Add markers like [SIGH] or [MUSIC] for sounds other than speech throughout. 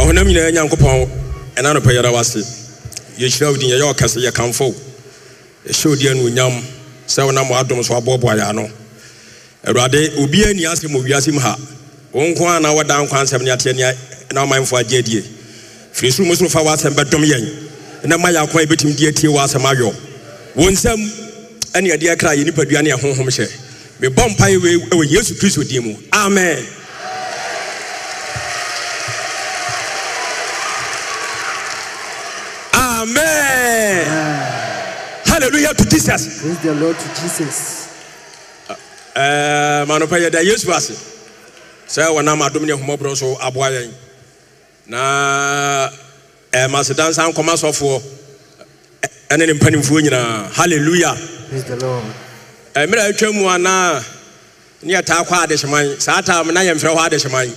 ɔhonam nyinaa nyankopɔn ɛna nopɛ yɛda wase yɛhyira wo din yɛyɛ ɔkɛse yɛkamfo wo yɛhyɛ wo din anuonyam sɛ wonam wɔadom so aboaboa yɛ ano awurade obiaa nni asɛm owiase mu ha wo nko a na wɔda nkwa nsɛm ne ateɛ nea na ɔmanfoɔ agye adie firi soro mu soro fa w'asɛm bɛdom yɛn na ma yɛ akoma yɛbɛtumi de atie w'asɛm awɔ wo nsɛm ɛne ɛdeɛ kra yɛ nipadua ne ɛhonhom hyɛ mebɔ mpaeɛ wɔ yesu kristo din mu amen Amen. Hallelujah to Jesus. Praise the Lord to Jesus. Uh, uh, Manɔpa yɛ da Yesu ase sɛ wɔnam adom ne ahomɔborɔ so aboa yɛn na eh, masedansa nkɔma sɔfoɔ ɛne ne mpanimfoɔ nyinaa halleluya eh, mmerɛ atwa mu anaa ne yɛtaa kɔ adehyeman saa taa m na yɛmfrɛ hɔ adehyeman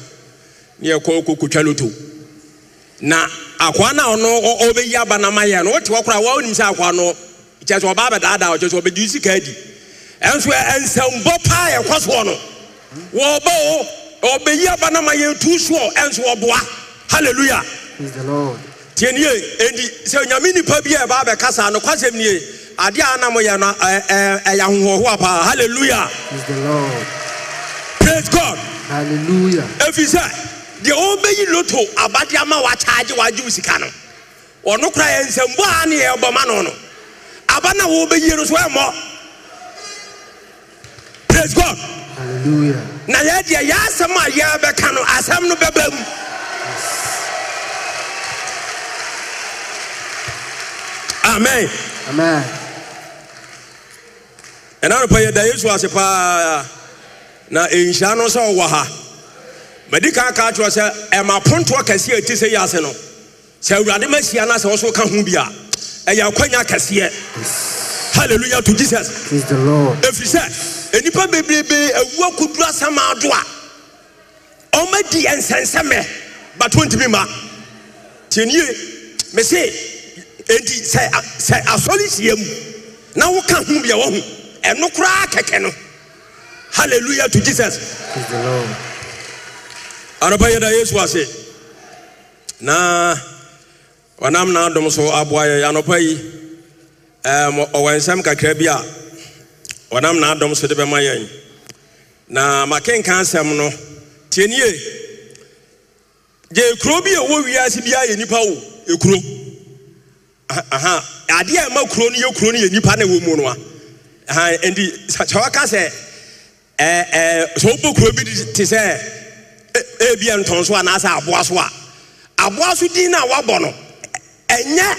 ne yɛkɔ kɔkɔtwa loto na Akwa na ọ ɔno ɔbɛyi aba na ma yɛ no wote hɔ ọ woa wonim sɛ akwaa no kyɛ sɛ ɔba abɛdaadaa ɔkyɛ sɛ ɔbɛdi sika adi ɛnso nsɛmbɔ paa yɛkɔ soɔ no wɔba o ɔbɛyi aba na ma yɛtu soɔ ɛnso ɔboa halleluya tie nie enti sɛ onyame nipa bi a ɛba abɛkasa no kwasɛm nie adeɛ a anam yɛ no ɛyɛ ahohoɔhoa paa halleluya praise god hallelujah ɛfiri sɛ deɛ ɔbɛyi loto abade ama wakyagye wagye wo sika no ɔno kora yɛ nsɛmbɔ a ne yɛbɔ ma no no aba na wɔbɛyie no so ɛmmɔ praise god na yɛdeɛ yɛ asɛm a yɛbɛka no asɛm no bɛba mu amen ɛna nopɛ yɛda yesu ase paa na ɛnhyira no sɛ ɔwɔ ha madi kan ka kyerɛ sɛ ɛma eh, pontoɔ kɛseɛ ɛti sɛ yi ase no sɛ awurade ma hyia no sɛ wo so ka ho bi a ɛyɛ e akwanya kɛseɛ hallelujah to jesus ɛfiri e sɛ e bebrebe awua koduru asɛm ado a ɔmadi ɛnsɛnsɛmɛ bato ntimi ma tiɛnie me se enti sɛ sɛ asɔre hyia mu na woka ho bia wɔ ho ɛno kɛkɛ no hallelujah to jesus Praise the Lord anɔpa yɛda yesu ase na ɔnam n'adom so aboa yɛ anɔpa yi ɛɛm ɔwɔ nsɛm kakra bi a ɔnam n'adom so de bɛma yɛn na makenka asɛm no tie nie gye kuro bi a ɛwɔ wiase bi a nipa wo ekuro ah, aha adeɛ a ɛma kuro no yɛ kuro no yɛ nipa na ɛwɔ mu no a aha nti sɛ wɔka sɛ ɛɛ ɛɛ sɛ wɔbɔ kuro bi te sɛ ebi e, ntɔn so anaasɛ aboa so a aboa so din na wabɔ no ɛnyɛ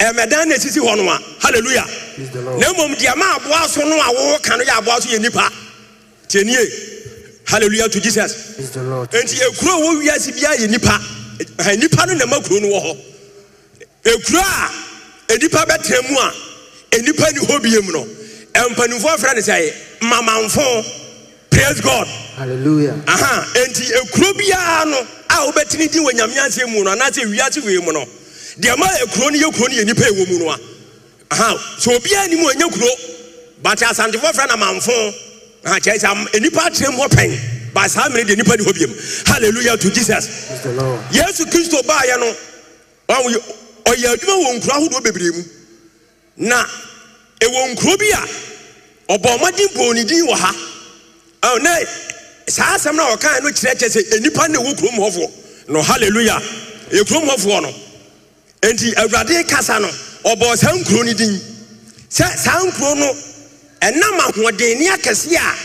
ɛmɛdan na esisi hɔ no a hallelujah na mmom deɛ ma aboa so no a wɔwɔ ka no yɛ aboa so yɛ nipa tienie hallelujah to jesus nti ekuro a wɔwia si bia yɛ nipa ɛhɛn nipa no na ma kuro no wɔ hɔ ekuro a enipa bɛtɛn mu a enipa ni hɔ bie mu no mpanimfoɔ fira ne sɛ mamanfo praise god hallelujah aha enti ekuro biara no a wobɛtini di wɔ nyame ase mu no anaasɛ wiase wei mu no deɛ ma ekuro no yɛ kuro no yɛ nipa ɛwɔ mu no a aha sɛ obiara nim ɔnyɛ kuro but asantefoɔ frɛ na manfo aha kyerɛ sɛ nipa atena mu hɔ pɛn ba saa mmerɛ deɛ nipa ni hɔ biam hallelujah to jesus yesu kristo baayɛ no ɔyɛ adwuma wɔ nkuro ahodoɔ bebree mu na ɛwɔ nkuro bi a ɔbɔ di bɔɔ ne din wɔ ha na saa asɛm no a wɔkae no kyerɛkyerɛ sɛ nnipa ne ɛwɔ kurom hɔfoɔ no hallelujah ɛyɛ kurom hɔfoɔ no enti awurade kasa no ɔbɔɔ saa nkuro no din sɛ saa nkuro no ɛnam ahoɔdenni akɛseɛ a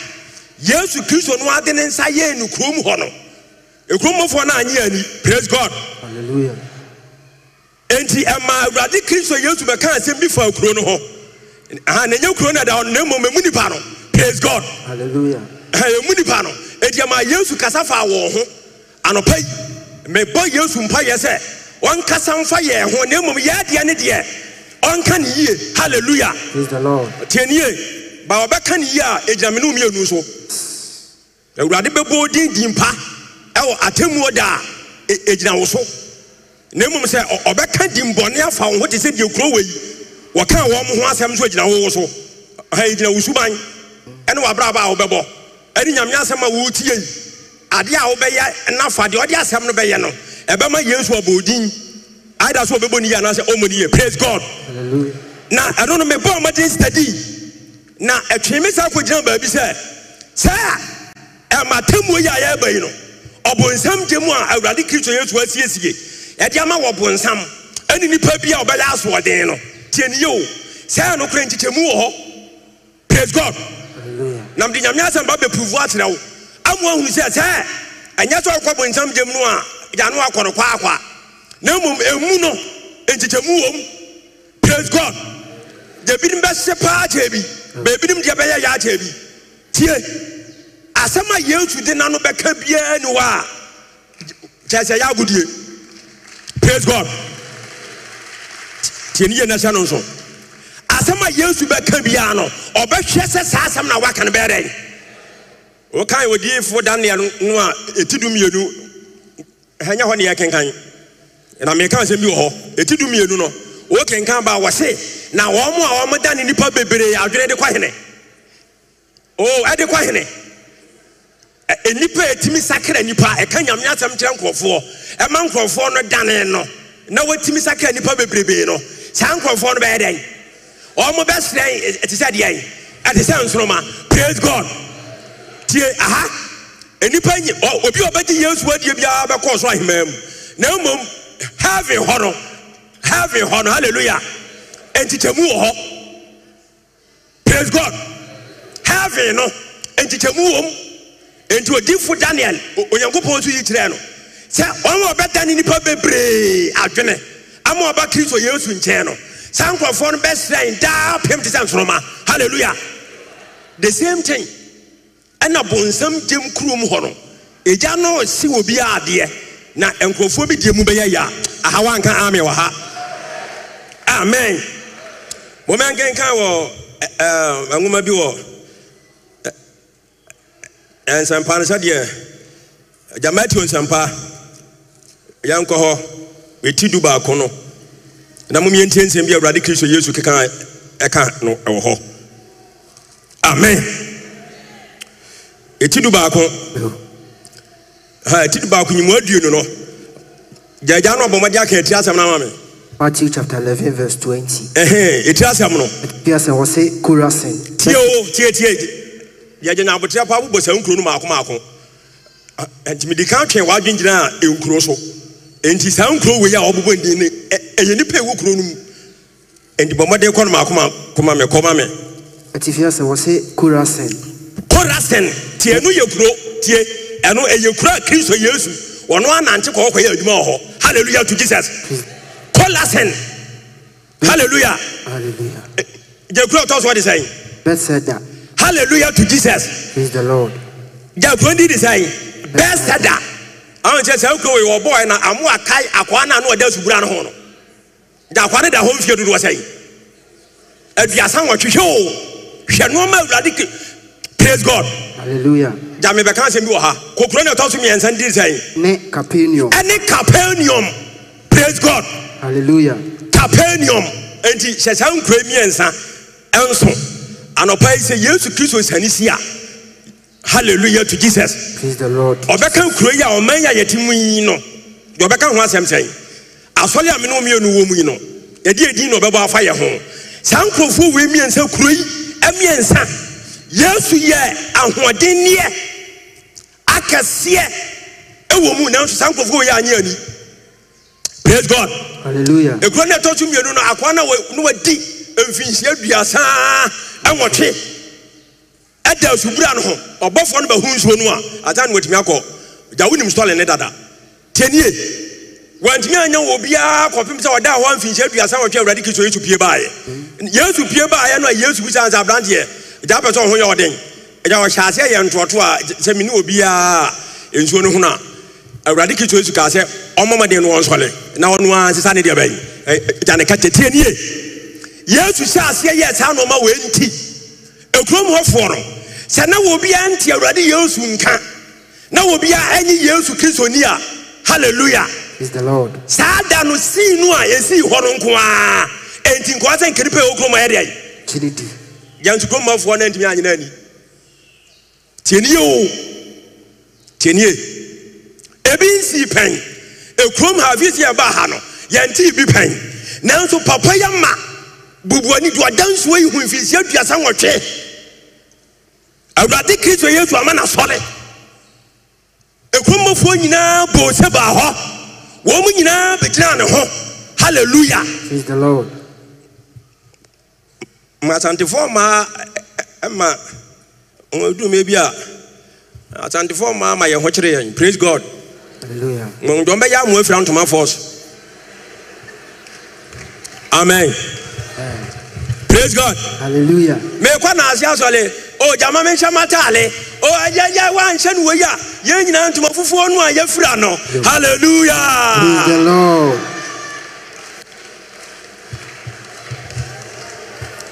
yesu kristo no ade ne nsa yɛɛ no kurom hɔ no ɛkurom hɔfoɔ no anyɛ ani praise god hallelujah enti ɛma awurade kristo yesu bɛka asɛm bi fa kuro no hɔ na ɛnyɛ kuro no ɛda hɔ no na mmom ɛmu nnipa no praise god hallelujah. ɛmu nipa no ɛdi yesu kasa fa wɔn ho anɔpa yi mɛbɔ yesu mpa yɛ sɛ ɔnkasa mfa yɛn ho na mmom yɛ adeɛ ne deɛ ɔnka ne yie hallelujah tie ne yie ba ne yie a egyinamene mu mmienu so awurade bɛbɔ din di mpa ɛwɔ atemmuo da e, egyina wo so na mmom sɛ ɔbɛka di mbɔne afa wo ho te sɛ deɛ kuro wɔ yi wɔka wɔn ho asɛm nso egyina wo so ɛgyina wo suban ɛne wɔ abrabɔ a wɔbɛbɔ ɛne nyame asɛm a wɔretie yi adeɛ a wobɛyɛ nafa deɛ ɔde asɛm no bɛyɛ no ɛbɛma yesu abɔ din aida sɛ ɔbɛbɔ ne yie anaasɛ ɔmmɔ ne yie praise god na ɛno no mebɔ ɔmɔden stadi na ɛtwe me saa kɔgyina baabi sɛ sɛ ɛmatamuo yi a yɛreba yi no ɔbonsam gye mu a awurade kristo yesu asiesie yɛde ama wɔ bonsam ɛne nipa bi a ɔbɛyɛ asoɔden no tie ne yie o sɛ ɛnokorɛ nkyekyɛmu wɔ hɔ praise god na mede nyame asɛm ba bɛpuvu akyerɛ wo amu ahunu sɛ sɛ ɛnyɛ sɛ ɔkɔ bonsam gyam no a yano akɔ no kwaakwa na mmom ɛmu no nkyekyɛmu wom praise god deɛ binom bɛse paa kyɛ bi baabinom deɛ bɛyɛ yɛ akyɛ bi tie asɛm a yesu de na no bɛka biara ni hɔ a kyerɛ sɛ yɛ praise god tie ne yɛ na hyɛ no nso asɛm a yesu bɛka biara no ɔbɛhwɛ sɛ saa asɛm na waka no bɛyɛ dɛn wokae odiefoɔ daniel no a ɛti du mmienu ɛnyɛ hɔ ne yɛkenkan na meka asɛm bi wɔ hɔ ɛti du mmienu no wɔkenkan baa wɔse na wɔn a wɔda ne nnipa bebree adwene de kɔ hene oo ɛde kɔ hene nnipa a ɛtumi sakra nnipa ɛka nyame asɛm kyerɛ nkurɔfoɔ ɛma nkurɔfoɔ no dane no na wɔtumi sakra nnipa bebrebee no saa nkurɔfoɔ no bɛyɛ dɛn wɔn bɛsrɛ te sɛ deɛ ɛte sɛ nsoroma praise god tie aha nipa nyi obi a ɔbɛgye yesu adie biara bɛkɔ so ahemmaa mu na mmom heaven hɔ no heaven hɔ hallelujah nkyekyɛmu wɔ hɔ praise god heaven no nkyekyɛmu wɔ mu nti odifo daniel onyankopɔn nso yi kyerɛ no sɛ wɔn a ɔbɛdane nipa bebree adwene ama ɔba kristo yesu nkyɛn no saa nkurɔfoɔ no bɛsrɛn daa pem te sɛ nsoroma Hallelujah. the same thing ɛna bonsam gyem kurom hɔ no egya no si wɔ bi adeɛ na nkurɔfoɔ bi deɛ mu bɛyɛ yɛ a aha wanka ame wɔ ha amen wɔn nkenkan wɔ ɛɛ nwoma bi wɔ ɛɛ nsɛmpa no sɛdeɛ gyamati wɔ nsɛmpa yɛn kɔ hɔ eti du baako no na momiɛ ntie nsɛm bi awurade kristo yesu keka ɛka no ɛwɔ hɔ amen ɛti du baako ɛti du baako nyimu aduonu no gyaagyaa no ɔbɔmmɔde aka ɛtiri asɛm no ama me Matthew chapter 11 verse 20. Ɛhɛn, ɛtiri asɛm no. Ɛtiri asɛm wɔ se korasin. Tie o, tie tie. Yɛgye na abotire pa abobɔ saa nkuro no maako maako. Nti midi kan twɛn wadwin gyina nkuro so nti saa nkuro wei a ɔbobɔ ndin no ɛyɛ nipa ɛwɔ kuro no mu nti bɔ mmɔden kɔ no ma akoma koma me kɔma me atifi asɛ wɔ se korasen korasen tie no yɛ kuro tie ɛno ɛyɛ kuro a kristo yesu ɔno anante kɔɔ kɔyɛ adwuma wɔ hɔ hallelujah to jesus kurasen hallelujah hallelujah eh, gye kuro ɔtɔ so ɔde sɛn bethsaida hallelujah to jesus praise the lord gye kuro ni de sɛn bethsaida àwọn kyerɛ sɛ wokuro wei wɔbɔɔ na amo akae akwaa no a na ɔda asubura no ho no gya akwaa no da hɔ mfie dodoɔ sɛi aduasa wɔtwehwɛ o hwɛ nnoɔma awurade praise god hallelujah gya mebɛka asɛm bi wɔ ha kokuro ne ɛtɔ so mmiɛnsa ndi sɛn ne capernaum ɛne capernaum praise god hallelujah capernaum enti hyɛ saa nkuro mmiɛnsa ɛnso anɔpa yi sɛ yesu kristo sani si a hallelujah to jesus ɔbɛka nkuro yi a ɔman yi a yɛte mu yi no deɛ ho asɛm sɛn asɔre a mene ɔmienu wɔ mu yi no yɛde ɛdin na ɔbɛbɔ afa yɛ ho saa nkurɔfoɔ wei mmiɛnsa kuro yi mmiɛnsa yesu yɛ ahoɔdenneɛ akɛseɛ ɛwɔ mu nanso saa nkurɔfoɔ wei anyɛ ani praise god hallelujah ekuro no ɛtɔ so mmienu no akɔn na wadi mfinhyia duasaa ɛwɔtwe ɛda asubura no ho ɔbɔfoɔ no bɛhu nsuo no a ata ne watumi akɔ gya wonim stɔle ne dada tienie wantumi anya wɔ obiara kɔpem sɛ ɔda hɔ mfinhyia aduasa wɔtwe awurade kristo yesu pie baeɛ yesu pie baeɛ no a yesu bisa sɛ aberanteɛ gya pɛ sɛ ɔho yɛ ɔden ɛgya ɔhyɛ aseɛ yɛ ntoɔto a sɛ mene obiara nsuo no ho no a awurade kristo yesu kaa sɛ ɔmɔmɔden no wɔnsɔle na ɔno a sesa ne deɛ bɛyi gya ne ka kyɛ tienie yesu hyɛ aseɛ yɛ saa nɔɔma wɔ nti ekurom hɔfoɔ no sɛ na wɔbiara nti awurade yesu nka na wɔbiara ɛnye yesu kristo ni a hallelujah saa da no sii no a yɛsii hɔ no nko ara enti nkɔɔ sɛ nkiripa a ɛwɔ kurom a yɛde ayi yɛnso kurom hɔfoɔ no ntumi anyena ani tienie o tienie ebi nsi pɛn ekurom ha fi si ɛba ha no yɛnti bi pɛn nanso papa yɛ ma bubuani do adansuo yi hu mfirisi aduasa nwɔtwe awurade kristo yesu ama na sɔre ekuromofoɔ nyinaa bɔ sɛ baa hɔ wɔn mu nyinaa bɛgyina ne ho hallelujah mmasantefoɔ mmaa ɛma wɔn edume bi a asantefoɔ mmaa ma yɛn ho kyerɛ yɛn praise god wɔn dɔm bɛyɛ amoa fira ntoma fɔs amen. praise god hallelujah mekwa na ase asɔle o jama mi nhyɛ mata ale o agyagya wa nhyɛ no wɔyi a yɛn nyinaa ntoma fufuo no a yɛfura no hallelujah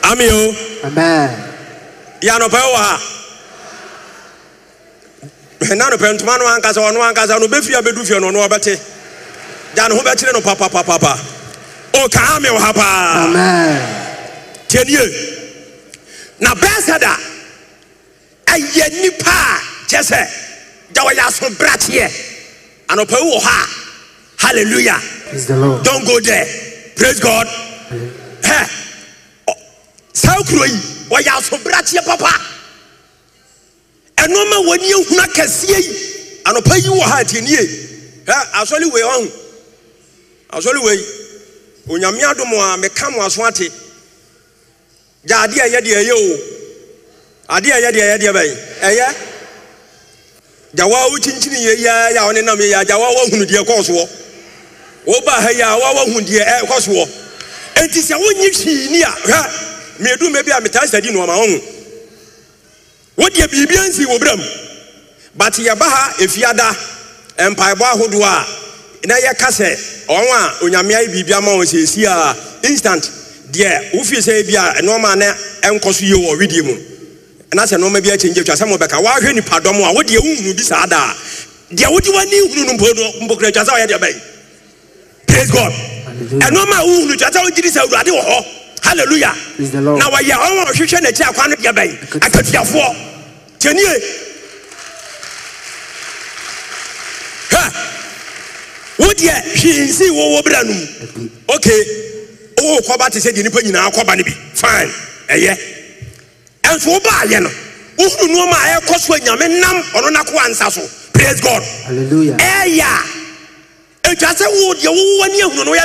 praise o amen yanopɛ wɔ ha eh, nanopɛ ntoma no ankasa ɔno ankasa no obɛfiri abɛdu fie no ɔno ɔbɛte gya ne ho bɛkyerɛ no papapapapa Okaame wa hapa. Amen. Tenye. Na bensada. Aye nipa. Jese. Dawa ya so bratye. Hallelujah. Praise the Lord. Don't go there. Praise God. He. Sao kruyi. Wa ya so bratye papa. Enoma wanye huna kesiye. Anope uo ha tenye. He. Asoli weyong. Asoli weyong. onyame adom a meka mo aso ate gya adeɛ ɛyɛ deɛ ɛyɛ o adeɛ ɛyɛ deɛ ɛyɛ deɛ bɛyɛ ɛyɛ gya wa wokyinkyin yɛ yi a yɛ a ɔne nam yɛ yi a gya wa wahunu deɛ kɔɔ soɔ woba ha yi a wa wahu deɛ ɛkɔ soɔ eti sɛ wonyi hwii ni a hwɛ mmedu mmebi a metaa sɛ di na ɔma ɔho wodeɛ biribi ansi wɔ bram but yɛba ha efiada mpaebɔ ahodoɔ a na yɛka sɛ ɔn a onyame ayɛ biribi ama wɔn sɛsi a instant deɛ wofie sɛ bi a nneɛma ne nkɔ so yie wɔ widie mu na sɛ nneɛma bi akyɛnjɛ atwa sɛ mo bɛka wahwɛ nipadɔm a wodeɛ wohunu bi saa daa deɛ wodi w'ani hunu no mpo mpokura atwa sɛ ɔyɛ deɛ bɛyɛ praise god nneɛma a wohunu atwa sɛ wogyiri sɛ awurade wɔ hɔ hallelujah e na wɔyɛ ɔn a ɔhwehwɛ n'akyi akwa no deɛ bɛyɛ akatuafoɔ tiɛnie wodeɛ hwee nsi wɔwɔ bra no mu okay wowɔ kɔba te sɛ deɛ nnipa nyinaa kɔba no bi fine ɛyɛ ɛnso wobaayɛ no wohunu nnoɔma a ɛkɔ so a nam ɔno ansa so praise god ɛyɛ a ɛtwa sɛ wo deɛ wowowɔ ani ahunu no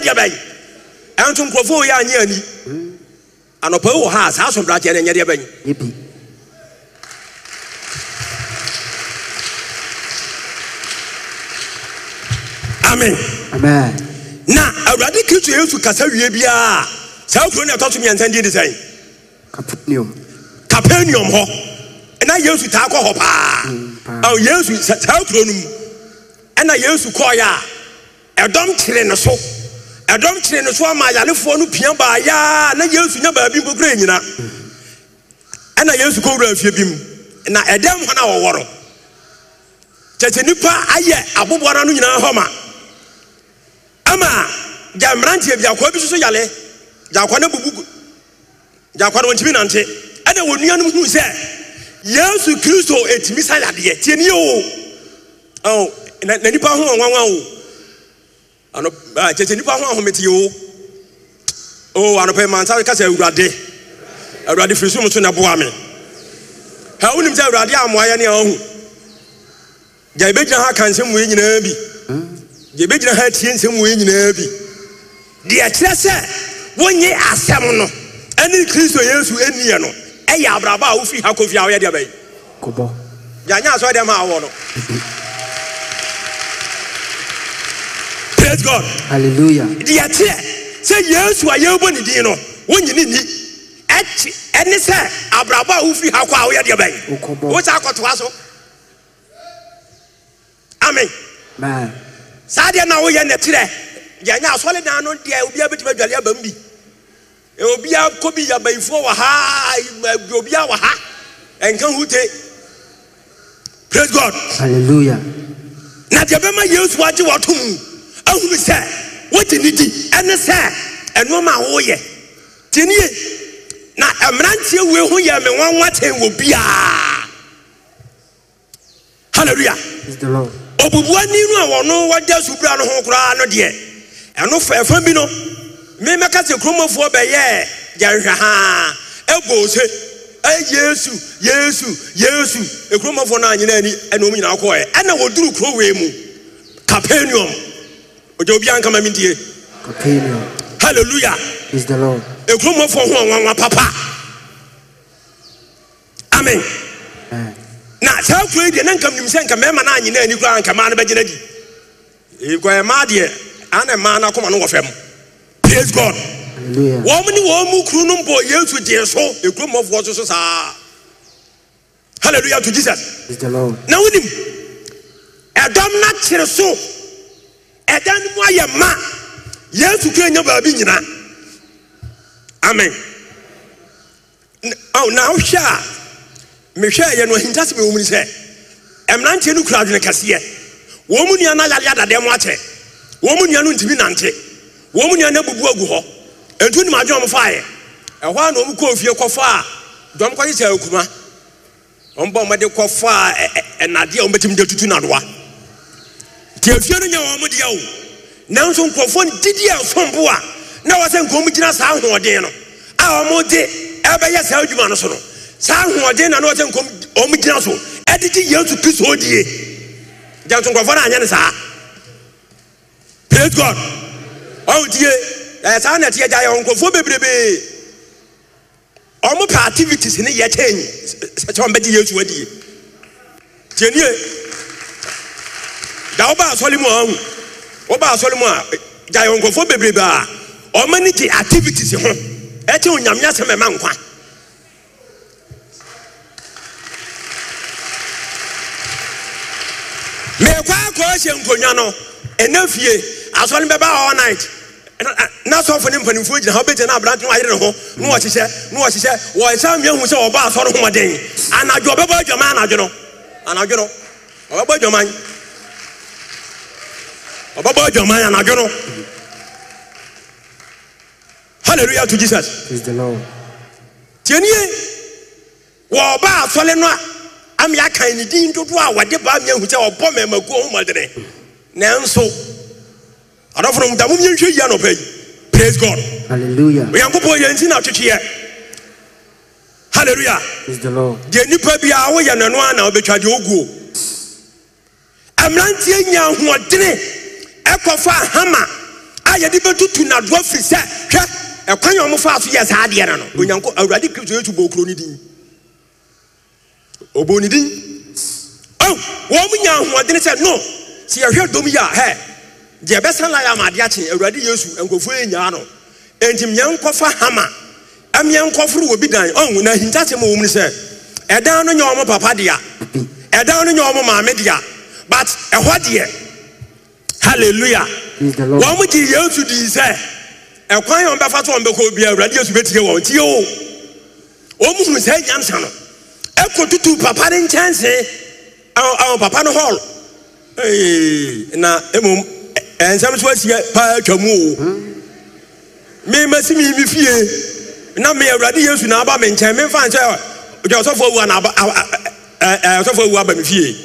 ɛnso nkurɔfoɔ ha hmm. a saa asomdrakyeɛ no amen na awurade kristo yesu kasa wie biara saa kuro no ɛtɔ so mmiɛnsa din de sɛn capernaum hɔ ɛna yesu taa kɔ hɔ paa ɔ mm, yesu saa kuro no mu ɛna yesu kɔɔeɛ a ɛdɔm kyere ne so ɛdɔm kyere ne so ama ayarefoɔ no pia baa yaa na yesu nya baabi nkokora nyina ɛna yesu kɔwura afie bi mu na ɛdɛm hɔ no a wɔwɔ no kyɛ sɛ nnipa ayɛ aboboa no ano nyinaa hɔ ma ama gya mmeranteɛ bi akwa bi nso yale gya akwa no bubu gya akwa no wɔntumi nante ɛna wɔn nuanom hu sɛ yesu kristo etumi sa yadeɛ tie ne o ɔn na na nipa ho ɔnwanwa o ano aa kyekye nipa ho ahometie o o anɔpɛ manta kasa awurade awurade firi so mu so na boa me ha wonim sɛ awurade amoayɛ ne a ɔho gya ebɛgyina ha ka nsɛm mu yi nyinaa bi. deɛ bɛgyina ha tie nsɛm wɔ yi nyinaa bi deɛ kyerɛ sɛ wonye asɛm no ɛne kristo yesu ɛniɛ no ɛyɛ abraba a wofi ha kofi a woyɛ deɛ bɛyi kɔbɔ yɛanyɛ asɔ dɛm a wɔ no [LAUGHS] praise god hallelujah deɛ kyerɛ sɛ yesu a yɛbɔ ne din no wonyini ni ɛkyi ɛne sɛ abraba a wofi ha kɔ a woyɛ deɛ bɛyi wosɛ akɔtoa so amen Man. saa deɛ na woyɛ nɛterɛ yɛnyɛ asɔredan no deɛ obiara bɛtumi adwale aba mu bi obiara kɔ bi yabayifoɔ wɔ ha obiara wɔ ha ɛnka ho te praise god hallelujah na deɛ bɛma yesu agye wɔto mu ahunu sɛ wogye ne di ɛne sɛ ɛnoɔma a woyɛ tie na mmeranteɛ wei ho yɛ me nwanwa ten wɔ biara hallelujah obubua ni no a wɔno wɔgya subira no ho koraa no deɛ ɛno fɛɛfa bi no memɛka sɛ kuromafoɔ bɛyɛɛ gyɛnhwɛhaa ɛbɔ se ɛyɛ yesu yesu yesu ekuromafoɔ no a nyinaa ni ɛna ɔmu nyinaa kɔɛ ɛna e. e wɔduru kurowei mu capernaum ɔgya obi ankama mi die capernaum hallelujah is the lord ekuromafoɔ ho a wanwa papa amen. na saa kuro yi deɛ na nka nim sɛ nka mɛɛma naa nyina ani koraa nka maa no bɛgyina di ekɔ ɛmaa deɛ ana mmaa no akoma no wɔ fam praise god wɔn ne wɔn mu kuru no mpɔ yesu deɛ so ekuro mɔfoɔ so so saa hallelujah to jesus na wonim ɛdɔm na kyerɛ so ɛdan no mu ayɛ ma yesu kuro nya baabi nyina amen na wohwɛ a mehwɛ yɛ no ahintasɛm ɛwɔ mu ni sɛ mmeranteɛ no kura adwene kɛseɛ wɔn mu nua ayare adadeɛ mu akyɛ wɔn mu nante wɔn mu abubu agu hɔ etu nim adwene ɔmo ɛhɔ a na ɔmo kɔ ofie kɔfa a dɔm kɔ hyehyɛ akuma ɔmo bɔ ɔmo de kɔfa a ɛnadeɛ ɔmo bɛtumi de tutu nadoa te efie no wɔn deɛ o nanso a na wɔsɛ nkɔm gyina saa ahoɔden no a ɔmo de ɛbɛyɛ saa adwuma no so saa ahoɔden na na wɔte nkɔm wɔn gyina so ɛde gye yesu kristo die gyanso nkɔfoɔ no anyɛ no saa praise god ɔn tie ɛyɛ saa na ɛteɛ gya yɛ nkɔfoɔ bebrebe pɛ activities ne yɛ kyɛn sɛ wɔn bɛgye yesu adie tie nie da wɔba asɔre mu ɔn wɔba asɔre mu a gya yɛ nkɔfoɔ a wɔn ani gye activities ho ɛkyɛ onyamia sɛm ɛma nkwa. mekwa ka o nkonnwa no ɛna fie asɔre bɛba all night na sɔfo ne mpanimfoɔ gyina ha no aberante no ne ho na wɔhyehyɛ na wɔhyehyɛ wɔhyɛ miahu sɛ wɔbɔ asɔre homɔden anadwo ɔbɛbɔ adwaman anadwo no anadwo no ɔbɛbɔ adwaman ɔbɛbɔ adwaman anadwo no to jesus asɔre no a meɛaka ne din dodoɔ a wde baa meahu sɛ ɔbɔ mmakuhomɔdene nnso adɔfonom damomiyɛnhwɛ yia naɔpɛyi prase god onyankopɔn yɛnti na twetweɛ halleluya deɛ nnipa bia woyɛ nono a na ɔbɛtwadeɛ ɔguo meranti anya ahuɔdene kɔfɔ ahama a yɛde bɛtotu n'adoa firi sɛ hwɛ ɛkwanyɛ ɔmofaa so yɛ saa deɛ no no onyanko awurade kristo yesu bɔɔkuro no din ɔbɔ ne din wɔn mu nya ahoɔden sɛ no sɛ yɛhwɛ dɔm yi a hɛ deɛ ɛbɛsa la yɛ amadeɛ akye awurade yesu nkurɔfoɔ yɛ nyaa no nti mmea nkɔfa hama mmea nkɔforo wɔ bi dan ɔn na ahintasɛm wɔ mu ne sɛ ɛdan no nyɛ wɔn papa dea ɛdan no nyɛ wɔn maame dea but ɛhɔ deɛ hallelujah wɔn mu gye yesu dii sɛ ɛkwan yɛn bɛfa so wɔn bɛkɔ obiara awurade yesu bɛtie wɔn tie o wɔn mu hunu sɛ nyansa no. ɛkɔtutu papa ne nkyɛnse awɔ papa no ee na mmom nsɛm so asiɛ paa atwa mu o mi me fie na me awurade yesu na aba me nkyɛn memfa nkyɛ gya ɔsɔfoɔ awu ana ɔsɔfoɔ awu aba me fie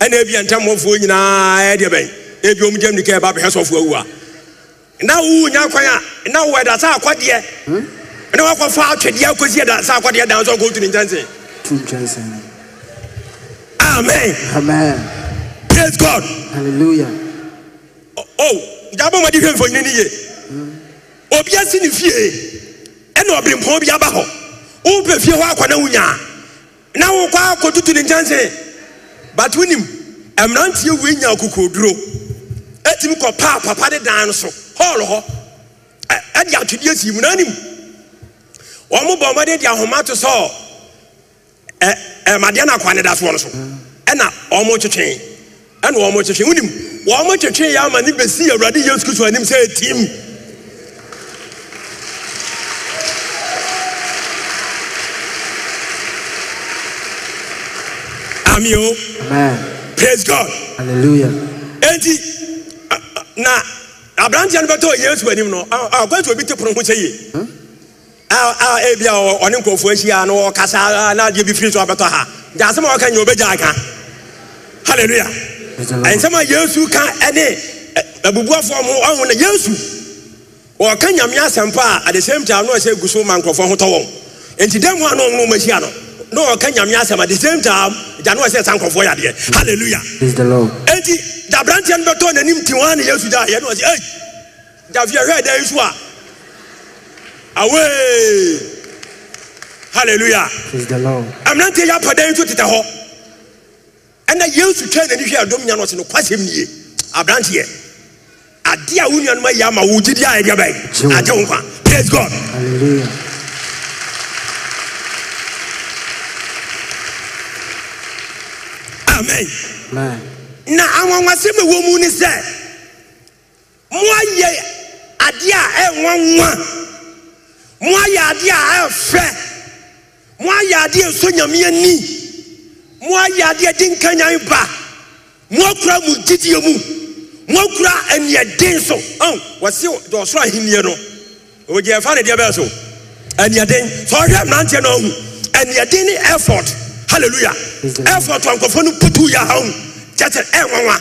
ɛna ebia ntɛmmɔfoɔ nyinaa ɛdeɛ bɛn ebi omu gyam nika ɛba bɛhɛ sɔfoɔ awu a na wo nya kwan a na wo ɛda sɛ akɔdeɛ na wakɔfa atwedeɛ akɔsi ɛda akɔdeɛ dan so akɔtu ne nkyɛnse Food Johnson. Amen. Amen. Praise God. Hallelujah. Oh, oh ìjàmbá ọmọdé hwẹ́ mfọ̀nyí ni yẹ. Obi asi ni fie ɛna ɔbɛn mpɔn bi aba hɔ. Wopɛ fie hɔ akɔ na wunya. Na wokɔ akɔtutu ne nkyɛnse. But wonim, mmeranteɛ wei nya akokoduro. Etimi kɔ paa papa de dan no so. Hɔɔlo hɔ. Ɛde atwedeɛ si mu n'anim. Wɔn bɔ ɔmɔde de ahoma to sɔɔ. ɛmadeɛ eh, no akwa ne da soɔ no so ɛna ɔmo twetwe ɛna ɔmo twetwe wonim wɔmo twetwe yɛ ama ne bɛsi awurade yesu kristo anim sɛ ɛtim amio praise god hallelujah enti na aberanteɛ no bɛtɔ yesu anim no akwantu obi te pono ho kyɛ yie hmm? a ebi a ɔne e nkurɔfoɔ ahyia na ɔkasa na adeɛ bi firi so abɛtɔ ha gya asɛm a ɔka nyɛ ɔbɛgya aka hallelujah ɛnsɛm a yesu ka ɛne abubuafoɔ mo ɔho na yesu ɔka nyame asɛmpa a at the same time na ɔhyɛ gu so ma nkurɔfoɔ ho tɔ wɔn nti dɛn mu a na ɔmo ma ahyia no na ɔka nyame asɛm at the same time gya na ɔhyɛ sa nkurɔfoɔ yɛ adeɛ hallelujah enti daberanteɛ no bɛtɔ n'anim ti wɔn a na yesu gya yɛ na ɔsɛ ɛy gya fi ɛhwɛ away hallelujah praise the lord amnante yɛ apadan nso tetɛ hɔ ɛna yesu twɛn n'ani hwɛ ɛdɔm nya no ɔsɛ no kwasɛm nie abranteɛ ade a wo nuanom ayi ama wo gyidi a ɛdeɛ bɛyɛ agye wo nkwa praise god hallelujah amen na anwanwasɛm ɛwɔ mu ne sɛ adeɛ nso nyame ani mo ayɛ adeɛ de nkanyan ba mo akura mo gyidie mu mo akura aniɛden so ɔn wɔsi ɔsoro ahenniɛ no ɔgye ɛfa ne deɛ bɛyɛ so aniɛden sɛ ɔhwɛ mmeranteɛ no ɔhu aniɛden ne effort hallelujah effort wa nkɔfoɔ no putu yɛ ha ɔhu kyɛkyɛ ɛnwanwa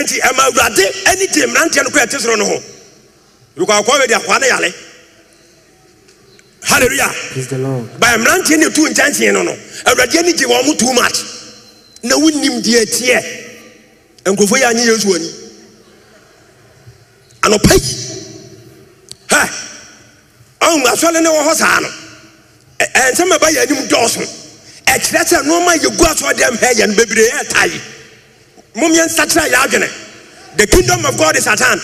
nti ɛma awurade ɛni di mmeranteɛ no kɔ ɛte soro no ho because akɔɔ bɛ di akɔa ne yale. hallelujah praise the lord by mmeranteɛ ne tu nkyɛnkyɛn no no awurade ani gye wɔn too much na wonim deɛ teɛ nkurɔfoɔ yi anye yesu ani anɔpa yi ha ɔn asɔre ne wɔ hɔ saa no ɛnsɛm ɛba yɛ anim dɔɔso ɛkyerɛ sɛ nneɛma yɛgu asɔre dɛm ha yɛn bebree ɛtae mummiɛ nsakyerɛ yɛ adwene the kingdom of god is at hand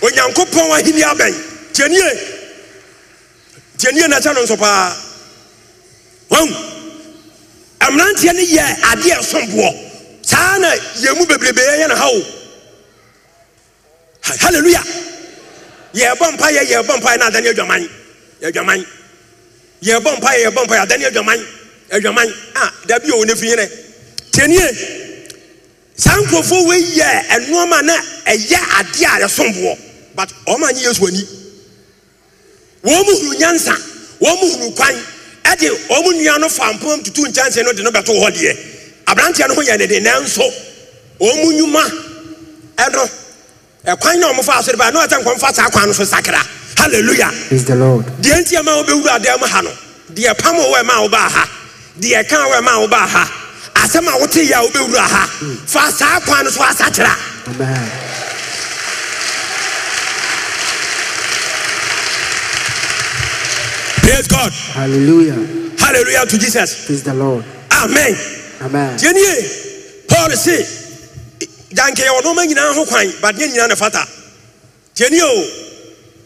onyankopɔn ahenni abɛn tiɛnie deɛ nie na ɛkyɛ no nso paa wɔn mmeranteɛ no yɛ adeɛ somboɔ saa na yɛn mu bebrebe yɛyɛ no ha o hallelujah yɛbɔ mpa yɛ yɛbɔ mpa yɛ na adani adwaman adwaman yɛbɔ mpa yɛ yɛbɔ mpa yɛ adani adwaman adwaman ah, a dabi o ne fi yɛrɛ tiɛnie saa nkurɔfoɔ wei yɛ ɛnoɔma na ɛyɛ adeɛ a yɛsomboɔ but ɔmo anyi yɛ suwani. wɔn mu huru nyansa wɔn mu huru kwan ɛde wɔn nua no fa mpɔm tutu nkyɛnsee no de no bɛto hɔ deɛ aberanteɛ no ho yɛ ne de nanso wɔn mu ɛno ɛkwan na wɔn fa asɔre ba ɛno ɛsɛ nkɔm fa saa kwan no so sakra hallelujah is the lord deɛ nti ɛma wo bɛwura adan mu ha no deɛ pam wɔ ɛma wo baa ha deɛ kan wɔ ɛma wo baa ha asɛm a wote yɛ a wobɛwura ha hmm. fa saa kwan no so asakyera Praise God. Hallelujah. Hallelujah to Jesus. Praise the Lord. Amen. Amen. Tienie, Paul say, danke yɛ ɔnɔɔma nyinaa ho kwan but ne nyinaa na fata tienie o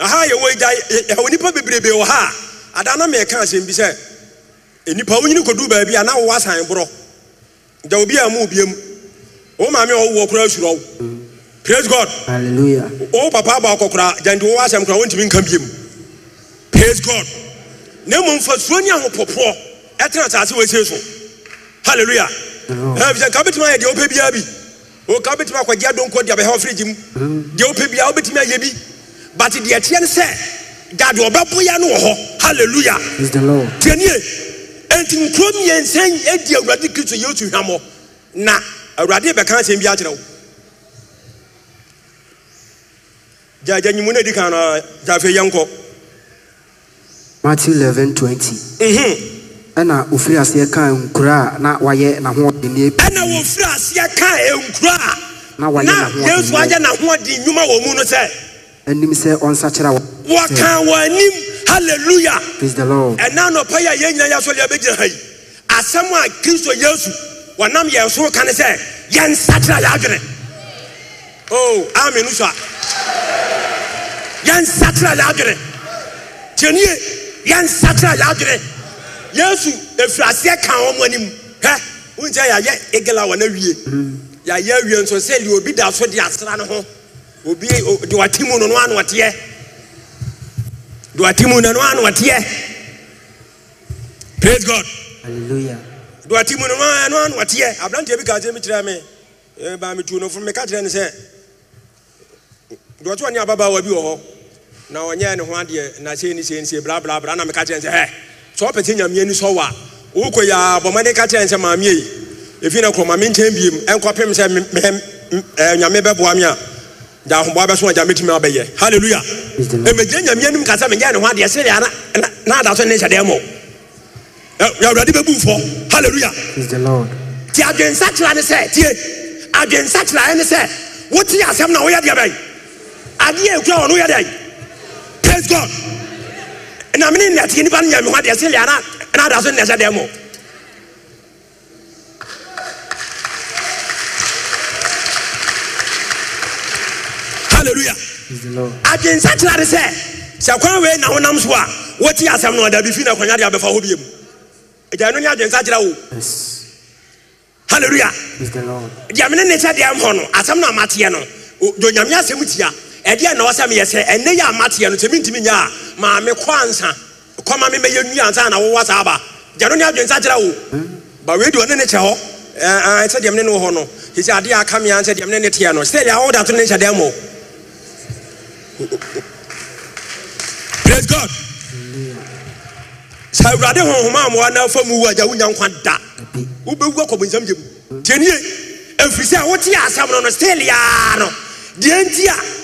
aha yɛwɔ gya yɛwɔ eh, eh, nipa bebrebe wɔ ha a ada na mɛka asɛm bi sɛ eh, nipa wonyini kɔdu baabi a na wɔwɔ asan borɔ da obi a mu obiem wɔn maame a ɔwɔ kura asuro praise god hallelujah O papa abɔ akɔkora gyanti wɔwɔ asɛm kora wɔntumi nka biem praise god na mmom fasuo ne ahopopoɔ ɛtena asase wɔsie so halleluya ɛfisɛ nka wobɛtumi ayɛ deɛ wopɛ biara bi ɔka wobɛtumi akɔgye adonko de abɛhɛ ɔfrigye mu deɛ wopɛ biara wobɛtumi ayɛ bi but deɛ teɛ ne sɛ dade ɔbɛboyɛ no wɔ hɔ halleluya tianie enti nkuro mmiɛnsa adi awurade kristo yesu hwammɔ na awurade bɛka asɛm bi akyerɛ wo gyaagya nyimu no adi ka no gyaafei yɛnkɔ Matthew 11 20. ɛna ofiri aseɛ kaa nkura a na wayɛ n'ahoɔden ɛna wɔfiri aseɛ kaa nkura a na wayɛ n'ahoɔden na yesu ayɛ n'ahoɔden nnwuma wɔ mu no sɛ anim sɛ ɔnsakyera wɔ wɔka wɔn anim hallelujah praise the lord ɛna anɔpa yi a yɛn nyinaa yɛasɔre yɛbɛgyina ha yi asɛm a kristo yesu wɔnam yɛn so ka ne sɛ yɛnsakyera yɛadwene oh amen nso a yɛnsakyera yɛadwene tiɛnie yɛnsakra yɛadwene yesu ɛfiriaseɛ kan wɔn anim hɛ wonkyɛ yɛayɛ egela wɔ no awie yɛayɛ awie nso sɛ deɛ obi da so de asra no ho obi de wate mu no no anoɔteɛ de wate mu no no anoɔteɛ praise god hallelujah de wate mu no no anoɔteɛ aberanteɛ bi ka kyerɛ me kyerɛ me baa metuo no fo meka kyerɛ ne sɛ de wɔte wɔ ne ababaawa bi wɔ hɔ na ɔnyɛ ne ho adeɛ na sei ne sei ne bla bla bla na meka kyerɛ sɛ hɛ sɛ ɔpɛ sɛ nyame ani sɔ wa wokɔ yɛ a bɔmmɔden ka kyerɛ sɛ maame yi efi na kuroma eh, me nkyɛn biem ɛnkɔpem sɛ nyame bɛboa me a da ahoboa bɛso agya mɛtumi abɛyɛ halleluya ɛmɛgyina nyame anim ka sɛ menyɛ ne ho adeɛ sɛdeɛ na na ada so ne nhyɛdeɛ mɔ yɛawurade bɛbu fɔ halleluya ti adwensakyera ne sɛ tie adwensakyera ɛne sɛ wote asɛm na woyɛ deɛ bɛn adeɛ ɛkura wɔ no woyɛ deɛ praise god na mene nnɛteɛ nnipa no nyame ho adeɛ sɛ lea na ada so nnɛ sɛ dɛ mo hallelujah adwensakyera de sɛ sɛ kwan wei na wonam so a wotie asɛm no ɔda bi fi na akwanya de abɛfa hɔ bie mu agya no nyɛ adwensakyera wo hallelujah deɛ mene ne sɛ deɛ mhɔ no asɛm no amateɛ no onyame asɛm tia ɛdeɛ na ɔsɛ meyɛ sɛ ɛnɛ yɛ amateɛ no sɛ mentumi nyɛ a maame kɔ ansa kɔma me mɛyɛ nwi ansa na wowɔ saa ba gya no ne kyerɛ wo ba wei deɛ ɔne ne kyɛ hɔ sɛ deɛ mne ne wɔ hɔ no ɛsɛ adeɛ aka me ansɛ deɛ mne ne teɛ no sɛ deɛ awoda to ne nhyɛ dɛn mɔ praise god sɛ awurade honhoma amoa na afa mu wu agya wonya nkwa da wobɛwu akɔbonsam gye mu tiɛnie ɛfiri sɛ wote asɛm no no stilia no deɛ nti a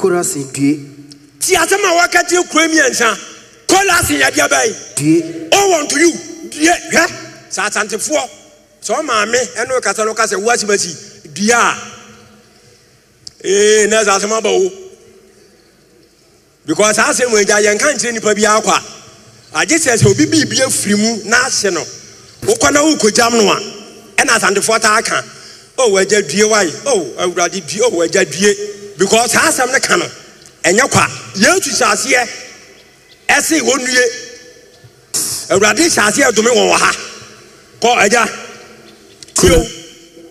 Korasin due. Ti asɛm a wɔaka kyerɛ kuro mmiɛnsa Korasin yɛ deɛ bɛyɛ. Due. Ɔwɔ nto yi due hwɛ sɛ asantefoɔ sɛ ɔmaame ɛne ɔkasa no kasa wuasi basi due a ee eh, na ɛsɛ asɛm aba wo because saa asɛm wɔ agya yɛnka nkyerɛ nnipa bi akɔ a agye sɛ sɛ obi biribi afiri mu na ahyɛ no wokɔ na worekɔgyam no a ɛna asantefoɔ taa ka o oh, wagya due wae o oh, awurade due o oh, wagya due because saa asɛm no ka no ɛnyɛ kwa yesu hyɛ aseɛ ɛse wɔnnue awurade hyɛ aseɛ dome wɔn wɔ ha kɔ agya tio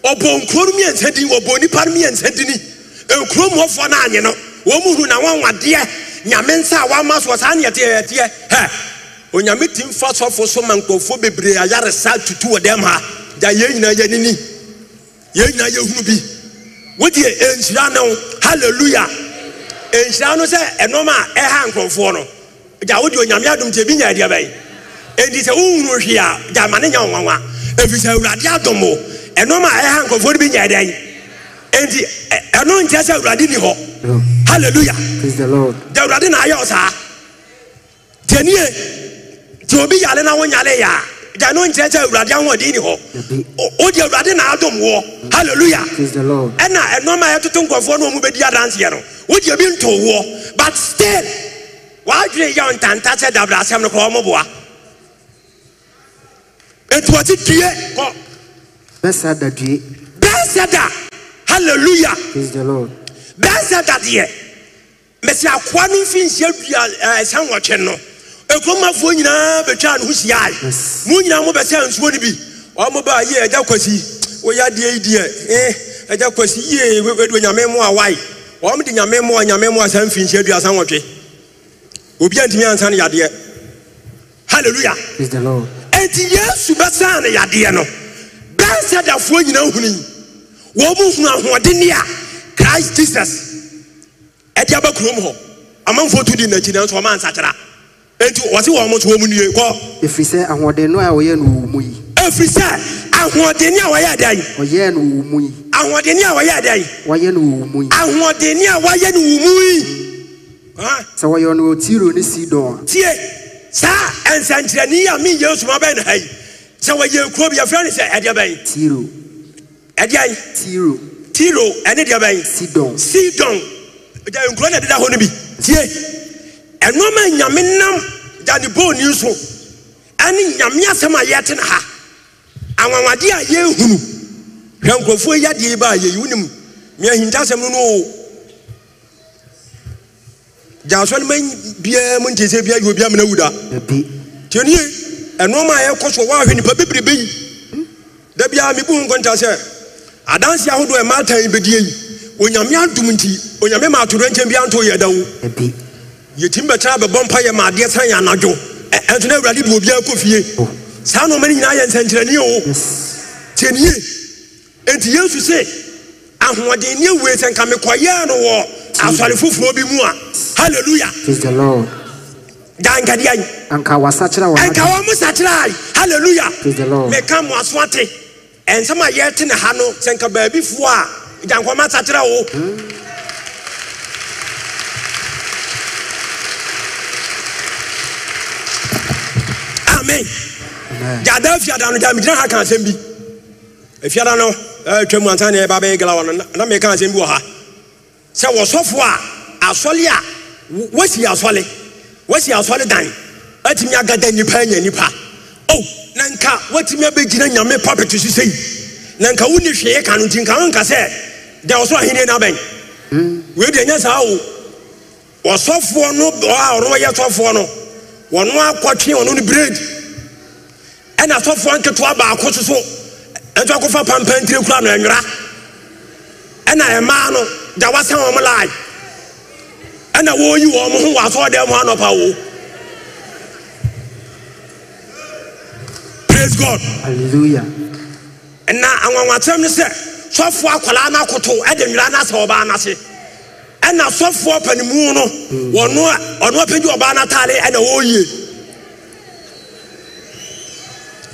ɔbɔ nkuro no mmiɛnsa dini ɔbɔ nnipa no mmiɛnsa dini nkuro mu ɔfoɔ no anye no wɔn mu hu na wɔn wadeɛ nyame nsa a wɔama so saa neɛ teɛ teɛ hɛ onyame ti mfa sɔfo so ma nkurɔfoɔ bebree ayaresa tutu wɔ dɛm ha gya yɛn nyinaa yɛ nini yɛn nyinaa yɛ hunu bi wogye nhyira ne ho hallelujah nhyira no sɛ ɛnɔm a ɛha nkurɔfoɔ no gya wode onyame adom nti ebi nya adeɛ bɛyɛ enti sɛ wohunu hwee a gya ma ne nya nwanwa ɛfiri sɛ awurade adom o ɛnɔm a ɛha nkurɔfoɔ no bi nya adeɛ enti ɛno nkyerɛ sɛ awurade ni hɔ hallelujah gya awurade na ayɛ ɔsaa tɛnie nti obi yare na wonyare yɛ a gya no nkyerɛ sɛ awurade ahoɔden ni hɔ wode awurade na adom woɔ halleluya ɛna ɛnɔma a yɛtoto nkurɔfoɔ no ɔmu bɛdi adanseɛ no wode bi nto woɔ but still waadwene yɛ ntanta sɛ dabrasɛm no kora ɔmoboa ɛtuɔte due kɔ bɛsɛda due bɛsɛda halleluya bɛsɛda deɛ mɛsi akoa no mfi nhyia dua ɛsɛnwɔtwe no ekuromafoɔ nyinaa bɛtwa ne ho hyiae mu nyinaa mobɛsɛ nsuo no bi ɔmo baa yie agya kwasi woyɛ adeɛ yi deɛ eh agya kwasi yie wedu nyame mmoa wae ɔmo de nyame mmoa nyame mmoa saa mfinhyia aduasa nwɔtwe obi antumi ansa no yadeɛ hallelujah enti yesu bɛsaa ne yadeɛ no bɛnsɛdafoɔ nyinaa hunu wɔn mu hunu ahoɔden a christ jesus ɛde aba kurom hɔ amanfoɔ tu di n'akyi nanso wɔn ansakyera eti wɔsi wɔn mo ti wɔn mu nie kɔ. efiri ahoɔden no a wɔyɛ no wɔ mu yi. efiri ahoɔden ni a wɔyɛ ada yi. wɔyɛ no wɔ mu yi. ahoɔden ni a wɔyɛ ada yi. wɔyɛ no wɔ mu yi. ahoɔden ni a wɔyɛ no wɔ mu yi. sɛ wɔyɛ no tiro ne sidon a. tie saa nsɛnkyerɛni a mi yɛ osoma bɛn na ha yi sɛ wɔyɛ kuro bi yɛfrɛ ne sɛ ɛdeɛ bɛn. tiro. ɛdeɛ yi. tiro. tiro ɛne deɛ bɛn. sidon. sidon nkuro na ɛdeda hɔ bi tie ɛnoɔma nyame nam gyanebɔɔni so ɛne nyame asɛm a yɛtene ha anwanwadeɛ a yɛhunu hwɛ nkurɔfoɔ yɛdeɛ yi baa yɛyi wonim meahintasɛm no no o gyaasɔ no ma biara mu ntie sɛ biara yɛ obi amena wu da nti ɔnie ɛnoɔma a yɛkɔ so wɔahwɛ nnipa bebrebe yi da biara mebu ho nkɔnta sɛ adanse ahodoɔ ɛma atan yi onyame adom nti onyame maatoro nkyɛn biara nto yɛ wo yɛtumi bɛkyɛn abɛbɔ mpa yɛ ma adeɛ san yɛ anadwo ɛnso na awurade de obiara kɔ fie oh. saa nneɛma no nyinaa yɛ nsɛnkyerɛnni o tiɛ nie yesu sɛ ahoɔden ne sɛ nka mekɔyɛɛ no wɔ asɔre foforɔ bi mu a hallelujah dankadeɛ yi anka wasakyerɛ wɔ anka wɔn mo sakyerɛ ayi hallelujah meka mo aso ate ɛnsɛm a yɛte ne ha no sɛ nka baabi foɔ a dankɔma sakyerɛ o. amen gyada fiada no gya megyina ha ka asɛm bi afiada e no atwam e, ansa ne ɛba bɛyɛ e galawa no na meka asɛm bi wɔ ha sɛ wɔsɔfoɔ a asɔle a wasi asɔle wasi asɔle dan atumi agada nnipa anya nnipa o oh, na nka watumi abɛgyina nyame papɛto so sɛ yi na nka wonni hwee ka no nti nka wonka sɛ deɛ ɔsoro ahenni no abɛn hmm. wei deɛ nyɛ saa o ɔsɔfoɔ no a ɔno yɛ sɔfoɔ no wɔno akɔtwe ɔno no bread ɛna asɔfoɔ nketewa baako so so ɛnso akɔfa pampantire kura no ɛnwera ɛna ɛmaa no gya wasa wɔn lae ɛna wɔreyi wɔn ho wɔ asɔɔdan mu anɔpa wo praise god hallelujah ɛna anwanwakyɛm no sɛ sɔfoɔ akwadaa no ɛde nwera no ɔbaa no ɛna sɔfoɔ panimu no hmm. wɔn no ɔno apagye ɔbaa no ɛna wɔreyie.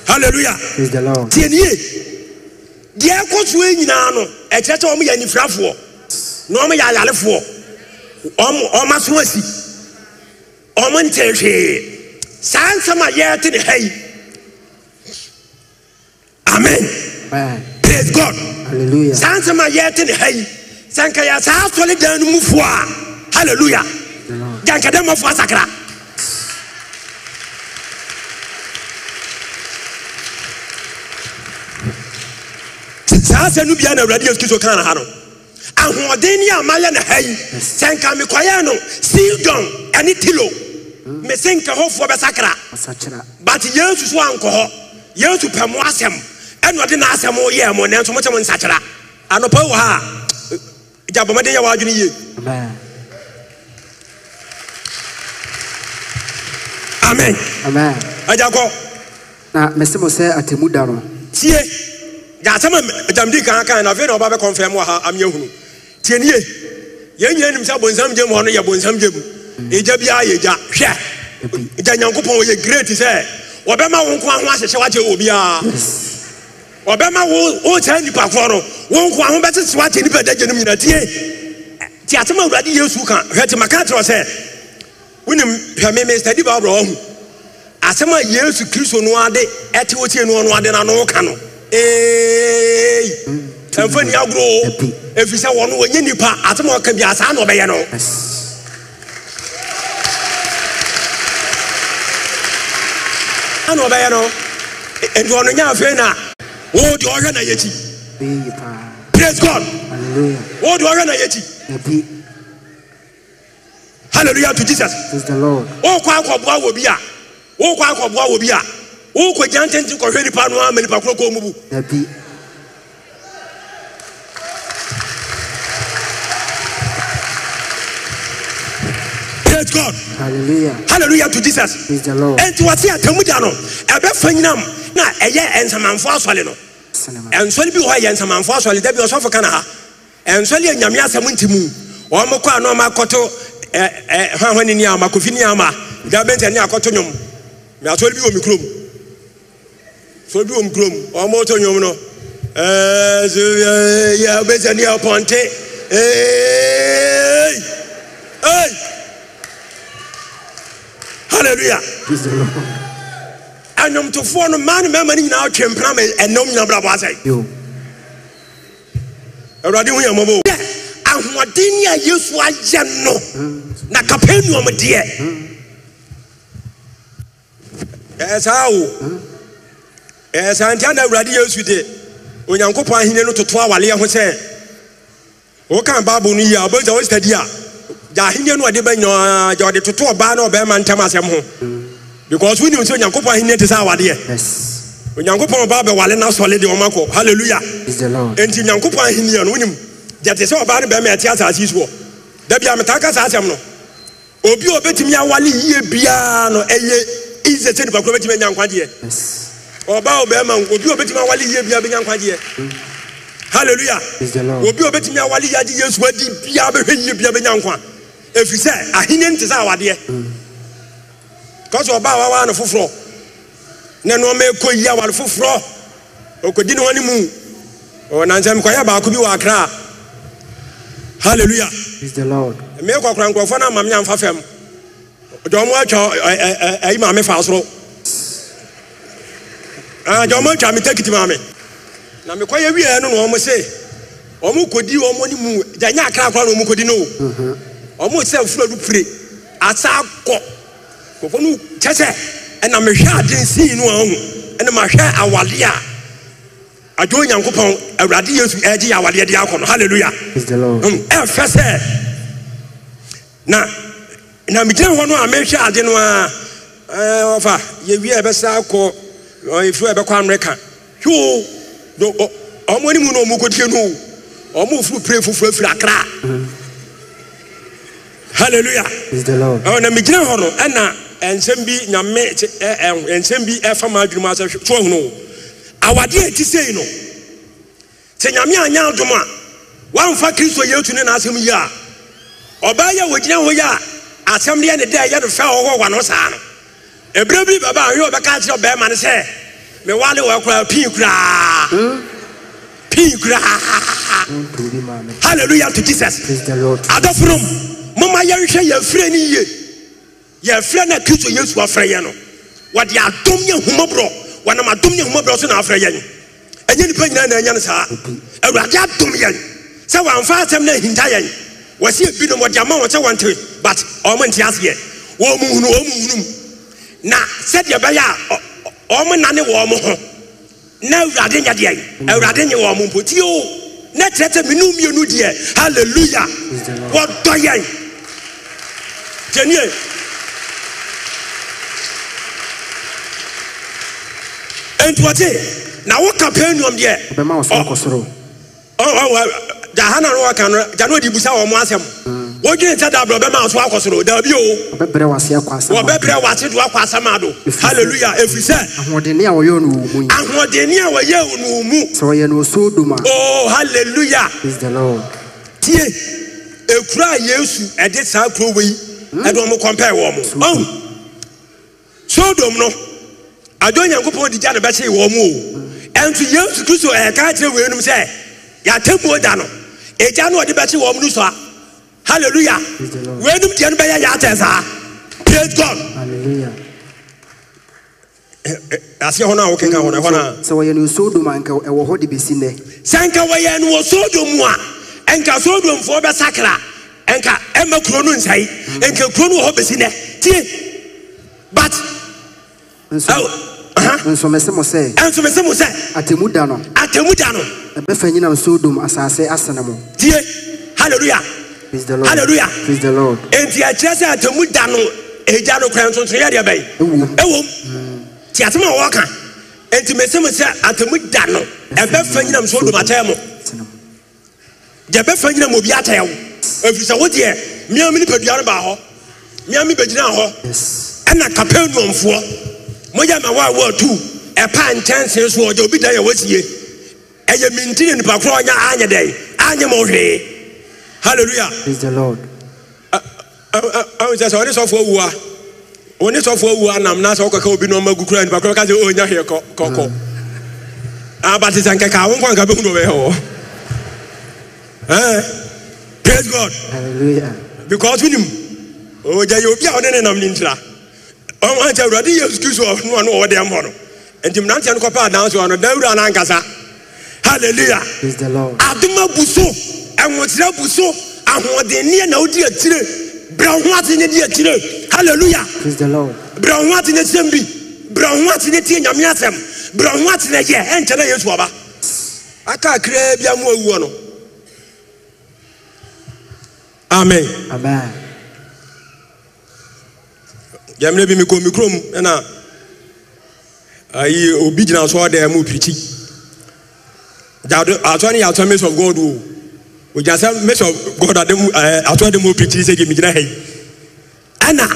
hallelujah Is the lord tie nie die kwotu enyina no e chete om ya nifrafo no om ya yalefo om om aso asi om ntehwe san sama ye tin hey amen praise god hallelujah san sama ye tin hey san ka ya sa toli dan mu fo hallelujah dan mu fo sakra saa sɛ no bia na awurade yesu kristo kaa na ha no ahoɔden ne a mayɛ na ha yi sɛ nka mekɔyɛ no sidon ɛne tilo hmm. mese nka hɔfoɔ bɛsakra but yesu so ankɔ hɔ yesu pɛ mo asɛm ɛna ɔde n'asɛm yɛ mo nanso mokyɛ mo nsakyera anɔpa wɔ ha a gya bɔmɔden yɛ w'adwene yie amen agya kɔ na mese mo sɛ atemu da no tie yɛasɛm gyamdi kaa kaa na afei na ɔba bɛkɔmfɛ mu wɔ ha ameɛ hunu tie nie yɛn nyina nim sɛ bonsam gye mu hɔ no yɛ bonsam gye e mu ɛgya biara yɛ gya hwɛ gya nyankopɔn ɔyɛ great sɛ wɔbɛma wo nko ho ahyehyɛ wakyɛ wɔ biara ɔbɛma wo wokyerɛ nnipa korɔ no wo nko ho bɛsese woakyɛ nnipa da gye no nyina tie tie asɛm a awurade yesu ka hwɛ te maka na no Ee ɛmfa ni agorɔ Efisẹ sɛ wɔno nye nipa. asɛm a ɔka bia saa na ɔbɛyɛ no ana ɔbɛyɛ no e, nti ɔno nyɛ afei na wo deɛ ɔhwɛ na yɛkyi praise god wo deɛ ɔhwɛ na yɛkyi hallelujah to jesus wokɔ akɔboa wɔ bi a wokɔ akɔboa wɔ bi a wokɔgya ntɛnti kɔhwɛ nipa no a ma nipa korɔ kɔ mu bu God. Hallelujah. Hallelujah to Jesus. Praise the Lord. Ẹnti wọ́n ti àtẹ̀mú jà nyinam na ẹ̀yẹ ẹ̀nsamanfọ́ asọ́lẹ̀ nọ. Ẹ̀nsọ́lẹ̀ bi wọ̀ hɔ yɛ ẹ̀nsamanfọ́ asọ́lẹ̀ dẹ́bi ọ̀sọ́fọ̀ ha. Ẹ̀nsọ́lẹ̀ yɛ nyàmú asẹ́mu ntì mu. Wọ́n kọ́ àná ọmọ akọ́tọ́ ẹ̀ ẹ̀ hwahwani ní àmà kòfin ní àmà. Ìdá bẹ́ntẹ̀ ní akọ́tọ́ nyom. Mẹ asọ́lẹ̀ bi wọ̀ mi kurom sɛ obi wɔm kurom ɔma ɔtɔ nwom no wobɛsɛ ne apɔnte halleluya anwomtofoɔ no mmaa ne mmarima no nyinaa twe mpena ma ɛnam nyina brabɔ asɛe awurade ho yɛmmɔbɔ ahoɔden ne a yesu ayɛ no na kapernaum deɛ ɛɛ hmm. saa o ɛsɛntiandawuradeyɛsude eh, onyankopɔn ahenɛ no totoa waleɛ ho sɛ woka bible no yi a eh, wobɛsa wosita di a gya ahenɛ no ɔde bɛnyaa gya ɔde toto ɔbaa na ɔbɛrima ntɛm asɛm ho because wonim sɛ onyankopɔn ahenɛ te sɛ awadeɛ onyankopɔn ɔbaa bɛwale no asɔle de ɔmakɔ halleluya enti onyankopɔn ahenɛ no wonim gya te sɛ ɔbaa no bɛrima ɛte asase soɔ dabia meta ka saa asɛm no obi a ɔbɛtumi awale yie biara no ɛyɛ ise sɛ nipakorɔ bɛtumi anya nkwadeɛ ọba ɔbɛrima nko obi a obetumi awale yie bia benya nkwagyeɛ hallelujah obi a obetumi awale yie agye yesu adi bia bɛhwɛ yie bia benya nkwa efi sɛ ahene nti sɛ awadeɛ kɔsɛ ɔbaa wawa no foforɔ na nneɛma ekɔ yie awale foforɔ okodi ne wɔn mu ɔwɔ nansɛm kɔyɛ baako bi wɔ akra hallelujah mmea kɔkora nkurɔfoɔ na maame amfa fam dɔn mo atwa ɛyi maame fa soro. agya ɔmo atwa mita kiti maame na yɛ no na ɔmo se ɔmo kodi ɔmo ne mu gya nyɛ akra akora na ɔmo kodi no ɔmo sɛ fura do pire asa no adi ahu ɛna awale a awurade yesu ɛgye eh, awale akɔ hallelujah ɛfɛ mm, eh, na na hɔ no a adi no a ɛɛ eh, ɔfa yɛ ɛfiri ɛbɛkɔ amerika yoo hwoo ɔmo anim na ɔmo kɔtie no ɔmo furu pray foforɔ afiri akra hallelujah ɛwɔ na megyina eh, eh, eh, hɔ no ɛna nsɛm bi nyame nsɛm bi ɛfa ma adwene mu asɛ so ɔhono awadeɛ a ɛti sei no sɛ nyame anya adom a wɔamfa kristo yesu ne n'asɛm yi a ɔbaa yɛ wɔgyina hɔ yi a asɛm deɛ ne dɛ ɛyɛ no fɛ ɔwɔ wɔ no saa no ebire bi baba awi ɔbɛka kyerɛ bɛrima no sɛ mewale wɔ koraa pii koraa pii koraa hallelujah to jesus adɔforom moma yɛhwehwɛ yɛfrɛ no yie yɛfrɛ no kristo yesu afrɛ yɛ no wɔde adom yɛ humaborɔ wɔnam adom yɛ humaborɔ so na afrɛ yɛn ɛnyɛ nipa nyinaa na ɛnyɛ no saa awurade adom yɛn sɛ wɔamfa asɛm no ahinta yɛn wɔsi ebinom wɔde ama wɔn sɛ wɔnte but ɔmo nte aseɛ wɔn mu hunu wɔn mu hunu mu na sɛdeɛ ɛbɛyɛ a wɔn nane wɔn ho na awurade nyɛ deɛ awurade nyɛ wɔn mpo tie o na kyerɛ sɛ minnu mmienu deɛ hallelujah wɔdɔ yɛn jɛnie ntuwɔte na wo capernaum deɛ ɔbɛma wɔsoro kɔ soro ɔwɔ gya ha na no wɔka no gya no ɔde busa wɔn asɛm wodwene sɛ da brɛ ɔbɛma so akɔ soro daabi o wɔbɛbrɛ wase do akɔ asɛm ado halleluya ɛfiri sɛ ahoɔdene a wɔyɛ no wɔ mu sɛ ɔyɛ no sodom a o halleluya tie ɛkura a yesu ɛde saa kuro wei ɛde ɔmo kɔmpɛɛ wɔ mo Oh, Hallelujah! no adwo nyankopɔn de gya ne bɛkyee wɔ mu o ɛnso yesu kristo ɛyɛ ka kyerɛ wei nom sɛ yɛatamuo da no ɛgya no ɔde bɛkyee wɔ m no so hallelujah wɛnum deɛ no bɛyɛ yaatɛ saa praise god aseɛ hɔ no a wokenka hɔ no ɛhɔ no a sɛ wɔyɛ no sodom a nka ɛwɔ hɔ de bɛsi nnɛ sɛ nka wɔyɛ no wɔ sodom a ɛnka sodomfoɔ bɛsakra ɛnka ɛma kuro no nsɛe ɛnka kuro no wɔ hɔ bɛsi nnɛ tie but nsọmẹsẹ mọ oh, sẹ. Uh-huh. nsọmẹsẹ mọ sẹ. Eh, atemu da no. atemu da no. ẹbẹ fẹ nyinam asase asanamu. tie hallelujah hallelujah nti ɛkyerɛ sɛ atemu da no egya no kora ntonton yɛ deɛ bɛyi ewom ti atem a wɔka nti mesem sɛ atemu da no ɛbɛfa nyinam so odum atɛɛ mo deɛ ɛbɛfa nyinam obi atɛɛ wo efiri sɛ wodeɛ mmea mi nipadua no baa hɔ mmea mi bɛgyina hɔ ɛna kapenuamfoɔ mogya ma wɔn a wɔn atu ɛpa nkyɛnsee so ɔgya obi da yɛ wɔsie ɛyɛ minti ne nipa korɔ ɔnya anya dɛ anya ma ɔhwee. hallelujah praise the lord wu a wu a nam na sɛ obi na ɔma gu kura nipa kora ka sɛ ɔnya hɛ kɔkɔ abate sɛ nkɛka wo nkɔ nka bɛhu na praise god because obi a ɔne ne nam ne ntira ɔnkyɛ awurade yesu kristo ɔnoa no ɔwɔ dɛm hɔ no nti mmeranteɛ no kɔpɛ a no da awura hallelujah ɛnwokyerɛ bu so ahoɔdenneɛ na wodi akyire brɛ ho ne di akyire hallelujah brɛ ho ne sɛm bi brɛ ho ne tie nyame asɛm brɛ ho ne yɛ ɛnkyɛ na yesu aba aka kraa bia mu awuo no amen yɛmmerɛ bi mekɔ me kurom ɛna ayi obi gyina so ɔda mu pirikyi asɔre yɛ asɔre mason god o ogyasa make sure god ade mu ɛɛ eh, ato ade mu opi sɛ gye gyina ha yi ɛna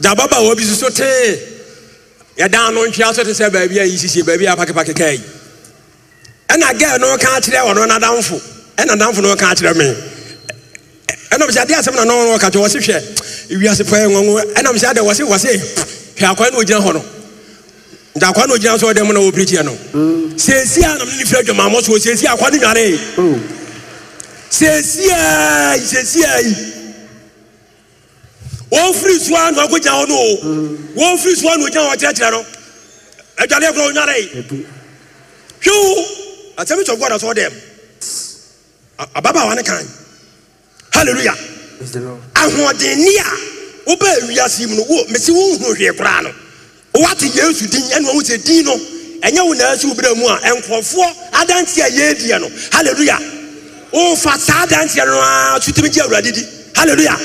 gya ababaawa bi soso tee yɛdan no ntwea aso te sɛ baabi a yi sisi baabi a pakipaki kaa yi ɛna gɛɛ no ka akyerɛ na danfo ɛna danfo no ka akyerɛ mi ɛna bisi ade asɛm na n'ɔno ɔka kyɛ wɔsi hwɛ ewiase pɛɛ ŋɔŋɔ ɛna bisi ade wɔsi wɔsi hwɛ akɔɛ na ogyina hɔ no nti akɔɛ na ogyina so ɔdɛm na wɔpiri tiɛ no mm. seesi a nam ne ne fira dwamaamɔ so seesiaa yi seesiaa yi wɔn firi soa na ɔkò gyina hɔ no o wɔn firi soa na ɔgyina hɔ ɔkyerɛkyerɛ no adwale ɛkura ɔnyala yi hwiw asɛm tí ɔgbɔn asɔ dɛm ababaawa ne kan hallelujah ahoɔdenni a wobɛ ewiase mu no wo mesi wo nhun hwee koraa no wate yesu din ɛna wɔn sɛ din no ɛnyɛ wɔn na ɛsi wo bi na mu a nkurɔfoɔ adansi a yɛ edie no hallelujah wofa saa adanteɛ no a sotumi gye awurade di halleluya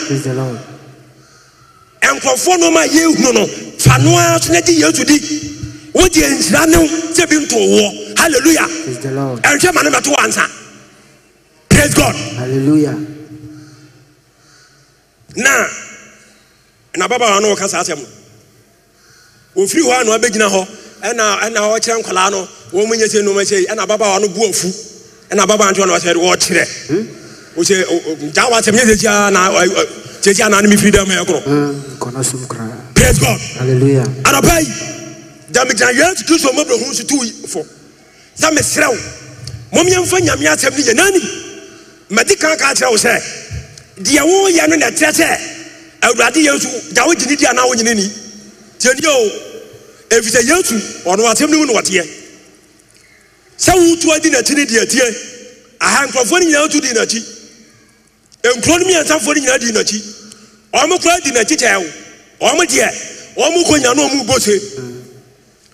nkurɔfoɔ no ma yɛhunu no fa no ara so na gye yesu di wogye nhyira ne sɛ bi ntowoɔ halleluya ɛnhwɛ ma no bɛto wɔ ansa praise god halleluya na na babawa no wɔka saa asɛm no ɔfiri hɔ a na wabɛgyina hɔ ɛna ɛna ɔkyerɛ nkwalaa no wɔn mu nyɛ sɛ nnoma sɛ ɛna babawa no bu afu ɛna baba nti ɔna ɔsɛ ɔkyerɛ ɔsɛ gya wa sɛm nye sɛ tia na sɛ tia na ne mi firi dɛm yɛ korɔ praise god hallelujah araba yi damigyina yesu kristu ɔmo aburo ho so tu fo sɛ mesrɛ wo mom yɛmfa nyame asɛm no yɛ nanim madi kan ka kyerɛ wo sɛ deɛ woyɛ no na ɛkyerɛ sɛ awurade yesu gya wo gyini di anaa wo nyini ni tiani o ɛfiri sɛ yesu ɔno asɛm no mu na sɛ wotu adi n'akyi ne deɛ tie aha nkurɔfoɔ no nyinaa tu di n'akyi no no nyinaa di n'akyi wɔn di n'akyi na wɔn bɔ se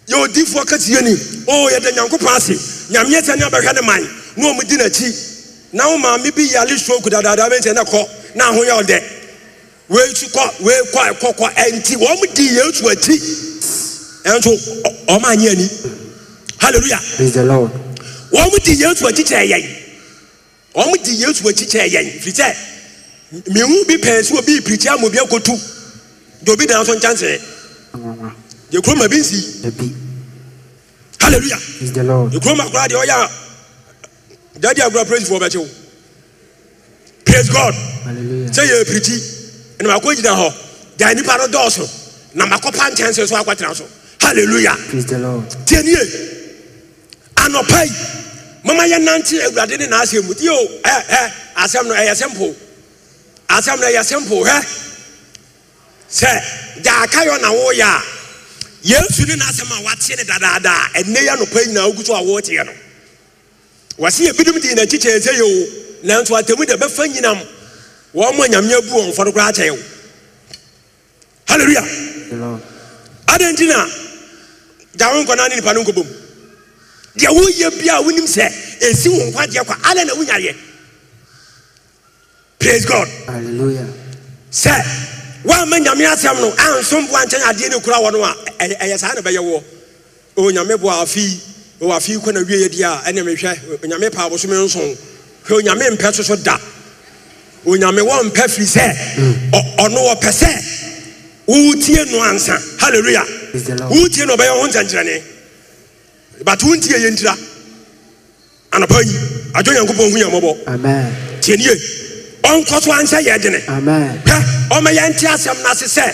yɛ odiifoɔ kɛseɛ ni oo yɛda nyankopɔn ase nyameɛ sɛ abɛhwɛ ne man na wɔn di n'akyi na wɔn maame bi stroke dadaada bɛ na yɛ ɔdɛ wei tu kɔ wei kɔ ɛnti wɔn di akyi ɛnso hallelujah praise the lord wɔn di yesu akyi kyerɛ yɛn wɔn di yesu akyi kyerɛ yɛn firi sɛ mihu bi pɛɛ so obi pirikyi amu bi akotu de obi dan so nkyɛnsee de kuroma bi nsi hallelujah praise the lord de kuroma koraa deɛ ɔyɛ a dadi agorɔ praise for ɔbɛkyew praise god hallelujah sɛ yɛ pirikyi ɛnna akɔ gyina hɔ dan nipa no dɔɔso na makɔ pa nkyɛnsee so akɔtena so hallelujah praise the lord tie nie. anɔpa mama yɛ nante awurade ne n'asɛm mu tio ɛ eh, eh, asɛm no ɛyɛ simple asɛm no ɛyɛ simple hɛ eh. sɛ gyaaka yɔ na wɔyɛ a yesu ne n'asɛm a wate ne dadaada ɛnɛ yɛ anɔpa yi nyinaa ogu so a wɔreteɛ no wɔsi ebinom di n'akyi kyɛn sɛ yɛ o nanso atɛmu de bɛfa nyinam wɔn mo nyame abu wɔn fɔdo koraa kyɛn o hallelujah adantina gyawo nkɔnaa ne nipa no nkɔbɔ deɛ woyɛ bia a wonim sɛ ɛsi wo nkwadeɛ kɔ alɛ na wonyareɛ praise god sɛ woamma nyame asɛm no ansom bo ankyɛn adeɛ ne kura wɔ no a ɛyɛ saa na bɛyɛ woɔ ɔwɔ nyame bo a afei ɔwɔ afei kɔ na wieɛ deɛ a ɛne mehwɛ onyame paa bosome nson hwɛ onyame mpɛ so so da onyame wɔmpɛ firi sɛ mm. ɔno ɔpɛ sɛ wotie no ansa halleluya wotie no ɔbɛyɛ wo ho nkyɛnkyerɛne but wontie yɛ ntira anapa yi adwo nyankopɔn hu yɛn mmɔbɔ tienie ɔnkɔ so anhyɛ yɛ dene hɛ ɔma yɛnte asɛm no ase sɛ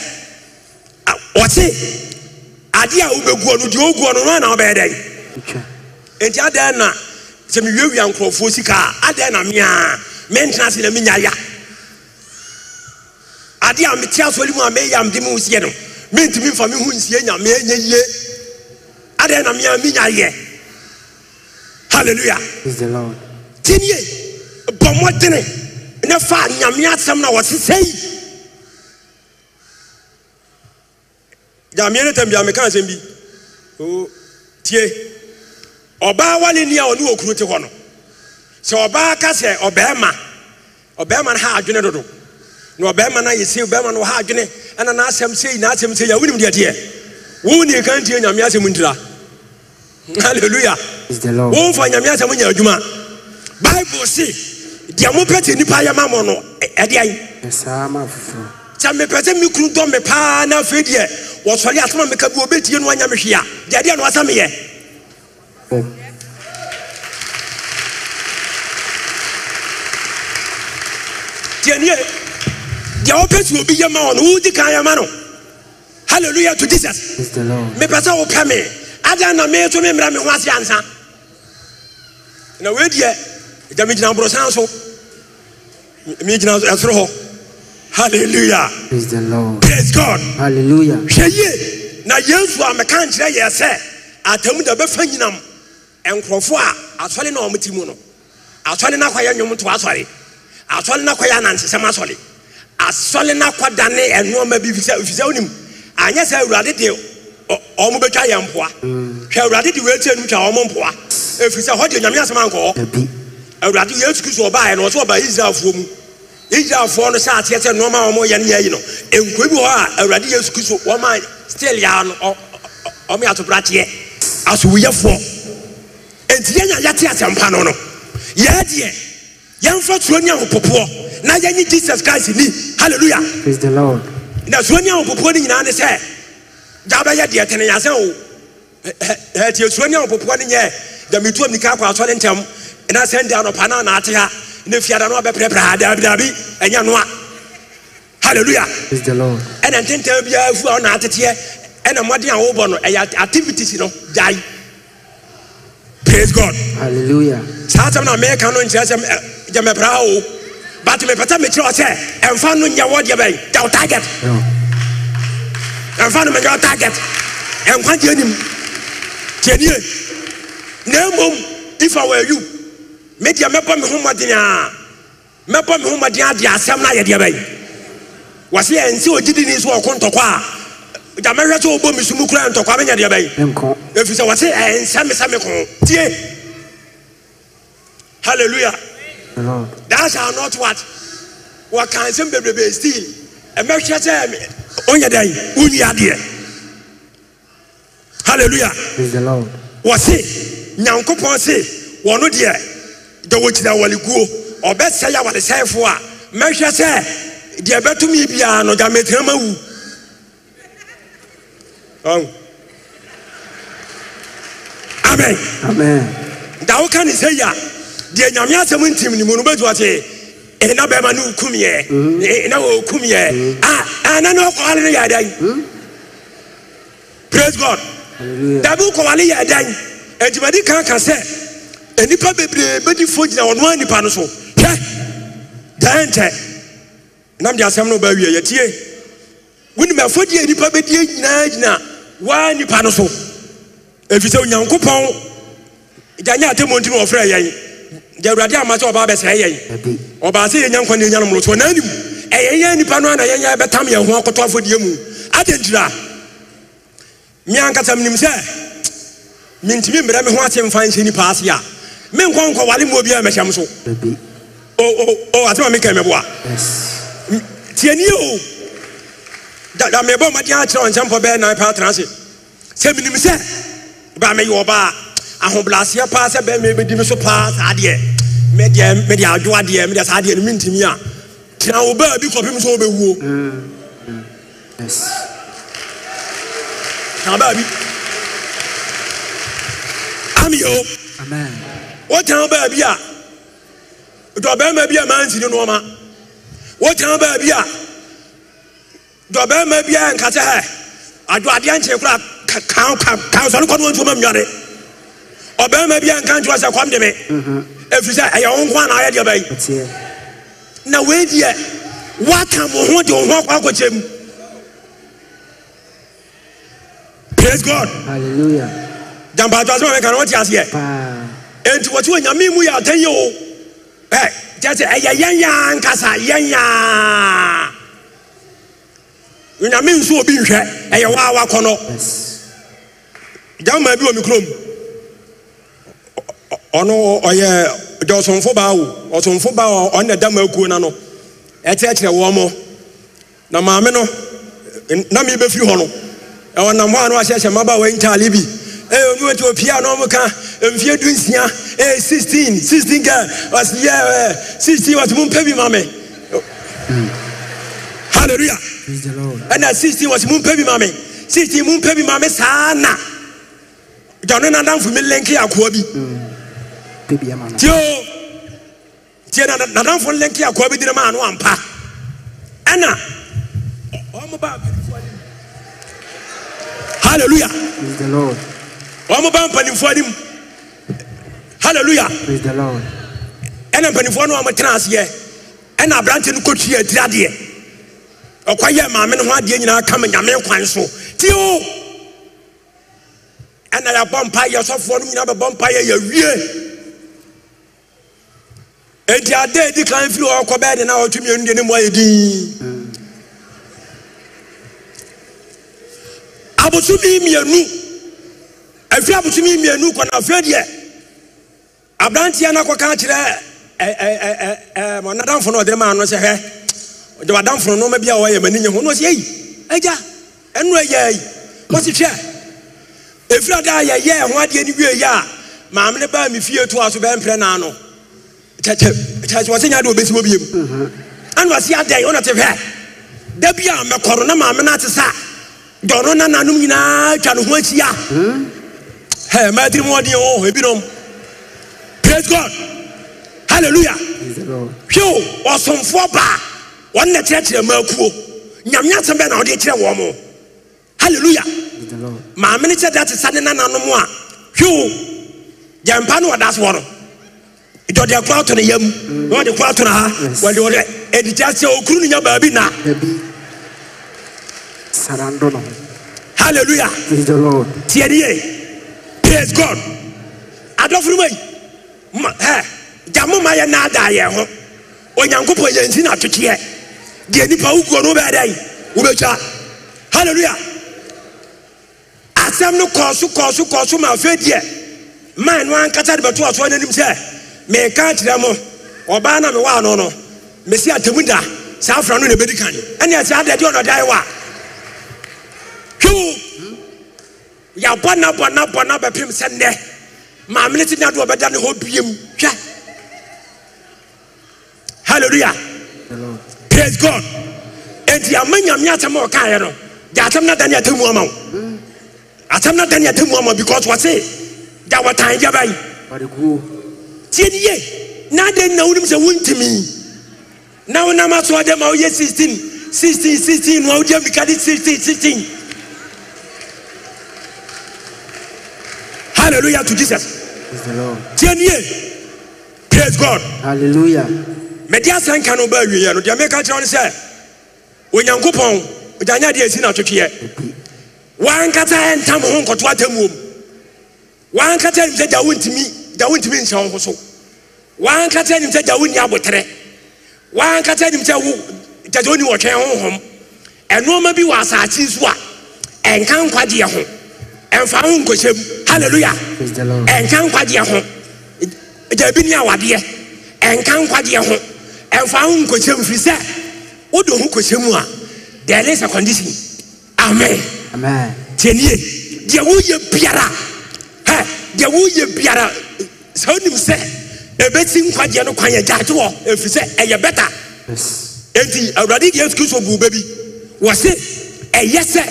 ɔse adeɛ a wobɛguɔ no deɛ ɔguɔ no no ana wobɛyɛ dɛn enti adɛn na sɛ mewiawia nkurɔfoɔ sika a adɛn na meaa mentena ase na menya ya adeɛ a mete asɔre mu a meyɛ a mede me wo seɛ no mentumi mfa me ho nsie nyame ɛnyɛ yie adɛn na mea menya yɛ halleluya tinie bɔ mmɔdene ne fa nyame asɛm na wɔsesɛi gyameɛ no tam gyame ka asɛm bi tie ɔbaa wale ni a ɔne wɔkuro te hɔ no sɛ ɔbaa ka sɛ ɔbɛɛma ɔbɛɛma no ha adwene dodo na ɔbɛɛma no ayɛ sei ɔbɛɛma no ha adwene ɛna n'asɛm sei n'asɛm sei a wonim deɛ teɛ wo ne ka ntie nyame asɛm ntira hallelujah wọn fa nyame asɛm nyɛ adwuma bible si deɛ mopɛ te nipa yɛ ma mo no ɛde ayi sɛ mepɛ sɛ me kunu dɔ me paa na afei deɛ wɔsɔre asɛm a meka bi wɔbɛtie no anya mehwe a deɛ deɛ no wasa meyɛ deɛ nie deɛ wopɛ sɛ obi yɛ ma wɔ no wodi kan yɛ ma no hallelujah to jesus mepɛ sɛ wopɛ me adan na mee so me mmerɛ me ho ase ansa na wei deɛ gya megyina mborɔsan so megyina ɛsoro hɔ halleluya praise god Hallelujah. hwɛ yie na yesu a meka nkyerɛ yɛ sɛ atamu da bɛfa nyinam nkurɔfoɔ a asɔre na ɔmote mu no asɔre na akɔyɛ nnwom to asɔre asɔre no akɔyɛ anansesɛm asɔre asɔre na akɔdane ɛnoɔma bi fisɛ wonim anyɛ sɛ awurade deɛ ɔmo bɛtwa yɛ mpoa hwɛ awurade de wei tie no twa ɔmo e mpoa ɛfiri sɛ hɔ de nyame asɛm ankɔɔ awurade e yesu kristo ɔbaeɛ no ɔsɛ ɔba israelfoɔ mu israelfoɔ no sɛ ateɛ sɛ nneɔma a ɔmoyɛ no yɛyi e no nkuro bi hɔ a awurade yesu kristo ɔma still yɛa no ɔmo yɛ atobrateɛ asowuyɛfoɔ enti yɛnya yɛte asɛmpa no no yɛɛ deɛ yɛmfa turo ne ahopopoɔ na yɛnye jesus christ ni halleluya na turo ne ahopopoɔ no nyinaa ne sɛ gya bɛyɛ deɛ tene yasɛ o ɛɛ tie suo ne ahopopoɔ ne nyɛ dɛm etu omunika akɔ asɔre ntɛm ɛna sɛn de anɔpa na anaate ha ne fiada na ɔbɛpirapira dabi dabi ɛnyɛ noa hallelujah ɛna ntɛntɛn biara fu a ɔna ateteɛ ɛna mmɔden a wɔbɔ no ɛyɛ activities no gyae praise god hallelujah saa asɛm na mɛka no nkyerɛ sɛ eh, gyamɛpira o but mepɛ sɛ mekyerɛ ɔsɛ ɛmfa no nyɛ wɔ deɛ ɛnfa no mɛnyɛ target ɛnkwagye nim tiɛnie na mmom if i were you me deɛ mɛbɔ me ho mmɔden a mɛbɔ me ho mmɔden ade asɛm no ayɛ deɛ bɛyɛ wɔsi yɛn nsi ogyi di ni so ɔko ntɔkwa a jamahwɛ sɛ ɔbɔ misumu kura ntɔkwa menya deɛ bɛyɛ efisɛ wɔsi ɛyɛ nsɛmesɛme ko tie hallelujah that shall not what wɔka nsɛm bebrebe still ɛmɛhwɛ sɛ onyɛ dɛn wonyi adeɛ hallelujah wɔse nyankopɔn se wɔno deɛ dɛ wɔgyina awaleguo ɔbɛsɛe awalesɛefoɔ a mɛhwɛ sɛ deɛ bɛtumi biara no gyametrama wu amen da woka ne sɛ yi a deɛ nyame asɛm ntim ne mu no Eh, na bɛrima no nkumyɛ eh, na wɔkumyɛ mm-hmm. ana ah, ah, na ɔkɔwale no yɛ adan hmm? praise god dabi ɔkɔwale yɛ adan adwumadi kan ka sɛ nipa bebree bɛdifoɔ gyina wɔn nipa no so hwɛ dan ntɛ nam de asɛm no baawie yɛtie wonim afɔdie nipa bɛdie nyinaa gyina waa nipa no so ɛfiri onyankopɔn gya nyɛ atemmɔnti no wɔfrɛ yɛn gye awurade ama sɛ ɔbaa bɛsɛe yɛn ɔbaa sɛ yɛnya nkwa ne yɛnya no mmorosoɔ n'anim ɛyɛ yɛn nnipa no ana yɛnya bɛtam yɛn ho akɔtɔ afɔdie mu adenkyira me ankasa menim sɛ mentumi mmerɛ me ho ase mfa nhyɛ nnipa ase a menkɔ nkɔwale mu obiaa mɛhyɛm so asɛm a meka mɛboa o da mebɔ maden akyerɛ ɔnkyɛmpɔ bɛɛ nan pɛ atena ase sɛ menim sɛ ba meyɛ ɔbaa ahoblaseɛ paa sɛ bɛrima bɛdi me so paa saa adeɛ mɛdeɛ mɛde adwo adeɛ mɛde saa adeɛ no mentimi a tena wo baabi kɔpem sɛ wobɛwuo tena baabi amio wotena wo baabi a dɔ bɛrima bi a mantini noɔma wotena wo baabi a dɔ bɛrima bi a nkasɛ hɛ adwo adeɛ nkyee kora kan kan kan sɔre kɔ no wɔntuoma nnware ɔbarima bi a nka ntewa sɛ kɔm de me ɛfiri mhm. sɛ ɛyɛ wo nko na ayɛ deɛ bɛyi na wei deɛ woaka mo ho mu praise god dampaatoa sɛ mamɛka no wote aseɛ enti wɔte wɔ nyame mu yɛ o ɛ Ẹ yẹ ɛyɛ yɛnyaa nkasa nso obi nhwɛ ɛyɛ a ɔno ɔyɛ ɔdɛ ɔsomfo baa wo ɔsomfo baa wo ɔno na ɛda makuo na no ɛkyerɛkyerɛ wɔn mo na maame no na mi bɛ fi hɔ no ɔnam hɔ a no ahyɛhyɛ mmabaawa ntaale bi ɛyɛ onu etiopia na ɔmo ka mfie du nsia ɛyɛ sixteen sixteen girl ɔsi yɛ ɛɛ sixteen wɔsi mu mpɛ bi maame hallelujah ɛna sixteen wɔsi mu mpɛ bi maame sixteen mu mpɛ bi maame saa na jɔnni nadanfo mi lɛnke akoa bi. Mm bebia ma no tio tia na nadamfo nlenke akoa bi dinama ano ampa ɛna ɔmo ba hallelujah praise the lord ɔmo ba mpanimfoɔ anim hallelujah praise the lord ɛna mpanimfoɔ no ɔmo tena aseɛ nuko aberante no kɔtua atiradeɛ ɔkɔyɛ maame no ho adeɛ nyinaa kama nyame kwan so tio ɛna yɛbɔ mpa yɛ sɔfoɔ no nyinaa bɛbɔ mpa yɛ yɛwie eji ada edi kan firi hɔ na ɔtwe mmienu deɛ ne mu ayɛ dii abosomi mmienu efi abosomi mmienu kọ na fɛ deɛ aberanteɛ na kɔka kyerɛ ɛ ɛ ɛ mɔ na ɔde ma ano sɛ hɛ ɔdaba na ɔma bi a ɔyɛ mɛ ne nye ho na ɔsɛ eyi ɛgya ɛnu ɛyɛ eyi wɔsi hwɛ yɛ ɛho adeɛ ni yɛ maame ne baa mi fie to aso bɛɛ mpere kyɛkyɛ wɔsi nya de obesi wɔ bie mu ɛna wɔsi adan ɔna te hwɛ dabi a mɛkɔrɔ na maame na te sa dɔnno na nanom nyinaa atwa ne ho ahyia hɛ mmaa tiri mu ɔden wɔ hɔ ebinom praise god hallelujah hwiw ɔsomfoɔ baa wɔn na kyerɛkyerɛ mmaa kuo nyame bɛ na ɔde kyerɛ wɔn mo hallelujah maame ne kyɛ de ate sa ne nananom a hwiw gyɛmpa no wɔ da so wɔ ìjọde ẹkọ ato ne yam wọn de kọ ato ha wọn de wọn edidi ase okuru ne nya baabi na. hallelujah tiẹ ni ye praise god adọfunuma yi ma ẹ jamu ma yẹ n'ada yẹ ho onyankopɔ yẹn ti na tukyeɛ deɛ nipa wukuo no bɛɛ dɛ yi wubɛtwa hallelujah asɛm no kɔɔso kɔɔso kɔɔso ma afɛ deɛ man no ankasa de bɛto ɔsoɔ n'anim sɛ meka kyerɛ mo ɔbaa na mewɔ ano no mesi atemu da saa afra no na ɛbɛdi kan ɛne ɛsɛ ada deɛ ɔnɔda ayɛ wɔ a hwew yɛabɔ na bɔ na bɔ na bɛpem sɛ nnɛ maame ne te ne adeɛ ɔbɛda ne hɔ biem hwɛ hallelujah praise god enti ama nyame asɛm a ɔkaeɛ no gya asɛm no da ne atamu ama wo asɛm no da ne atamu ama because wɔse gya wɔtan gya bayi tie ni ye n'ade na wunim sɛ wuntumi na wonam aso ɔdɛ ma woyɛ sixteen sixteen sixteen nua wodi amika de sixteen sixteen hallelujah to jesus tie ni ye praise god hallelujah mɛdi asɛn kan no ba awieɛ no deɛ meka kyerɛ no sɛ onyankopɔn ɔgyanya deɛ asi na twetweɛ wankasa ɛntam ho nkɔto atammuom wankasa nim sɛ gya wontimi gya wontimi nhyɛ wo ho so wankasa nim sɛ gya wo ni abotrɛ wankasa nim sɛ wo gyagya wo ni wɔtwɛn honhom ɛnoɔma bi wɔ asase so a ɛnka nkwagyeɛ ho ɛmfa ho nkɔhyɛm halleluya ɛnka nkwagyeɛ ho gyabi ni awadeɛ ɛnka nkwagyeɛ ho ɛmfa ho nkɔhyɛm firi sɛ wode ho kɔhyɛ mu a there is a condition amen tiɛnie deɛ woyɛ biara hɛ deɛ woyɛ biara sɛ wonim sɛ ɛbɛsi nkwagyeɛ no kwan yɛ gyaagye wɔ ɛfiri sɛ ɛyɛ bɛta enti awurade yesu kristo buu bɛ bi wɔ se ɛyɛ sɛ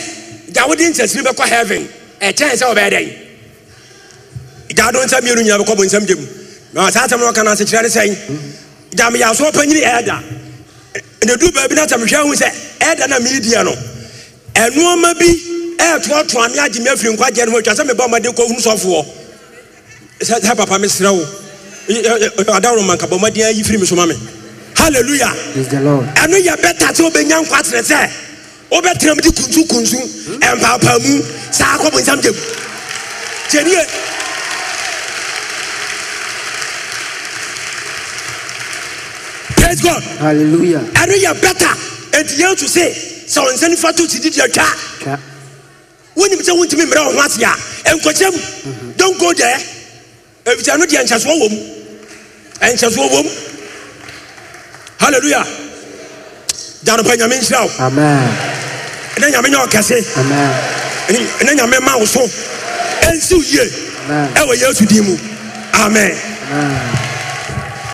gya wode nsɛsiri bɛkɔ heaven ɛkyɛn sɛ wɔbɛyɛ dɛn gya do nsa mmienu nyinaa bɛkɔ bo nsɛm gye mu na saa asɛm no ɔka no asekyerɛ ne sɛn gya meyɛ asoɔ panyini ɛɛda ne du baabi no asɛmhwɛ hu sɛ ɛɛda na meediɛ no ɛnoɔma bi ɛɛtoatoa me agye me afiri nkwagyeɛ no ho atwa sɛ mebɔ mmɔden kɔhunu sɔfoɔ sɛ papa mesrɛ wo adaroma nka bɔ ɔmɔden ayi firi mi so mi hallelujah ɛnu yɛ bɛ tate o bɛ nya nkwa tẹrɛ sɛ o bɛ tẹrɛ mu di kuntu kuntu ɛnpaapamu saa akɔbɔ nsɛm jɛniye. praise god hallelujah ɛnu yɛ bɛta eti yɛn tu se sɛ wɔn ti di deɛ twa wɔn nim mìíràn wɔn ho ase a nkɔkyɛm mhm. go there efisɛ no deɛ nhyɛsoɔ wɔ mu nhyɛsoɔ wɔ mu hallelujah danopɛ nyame nhyira wo ɛnɛ nyame nyɛ ɔkɛse ɛnɛ nyame ma wo so ɛnsiw yie ɛwɔ yesu din mu amen. amen.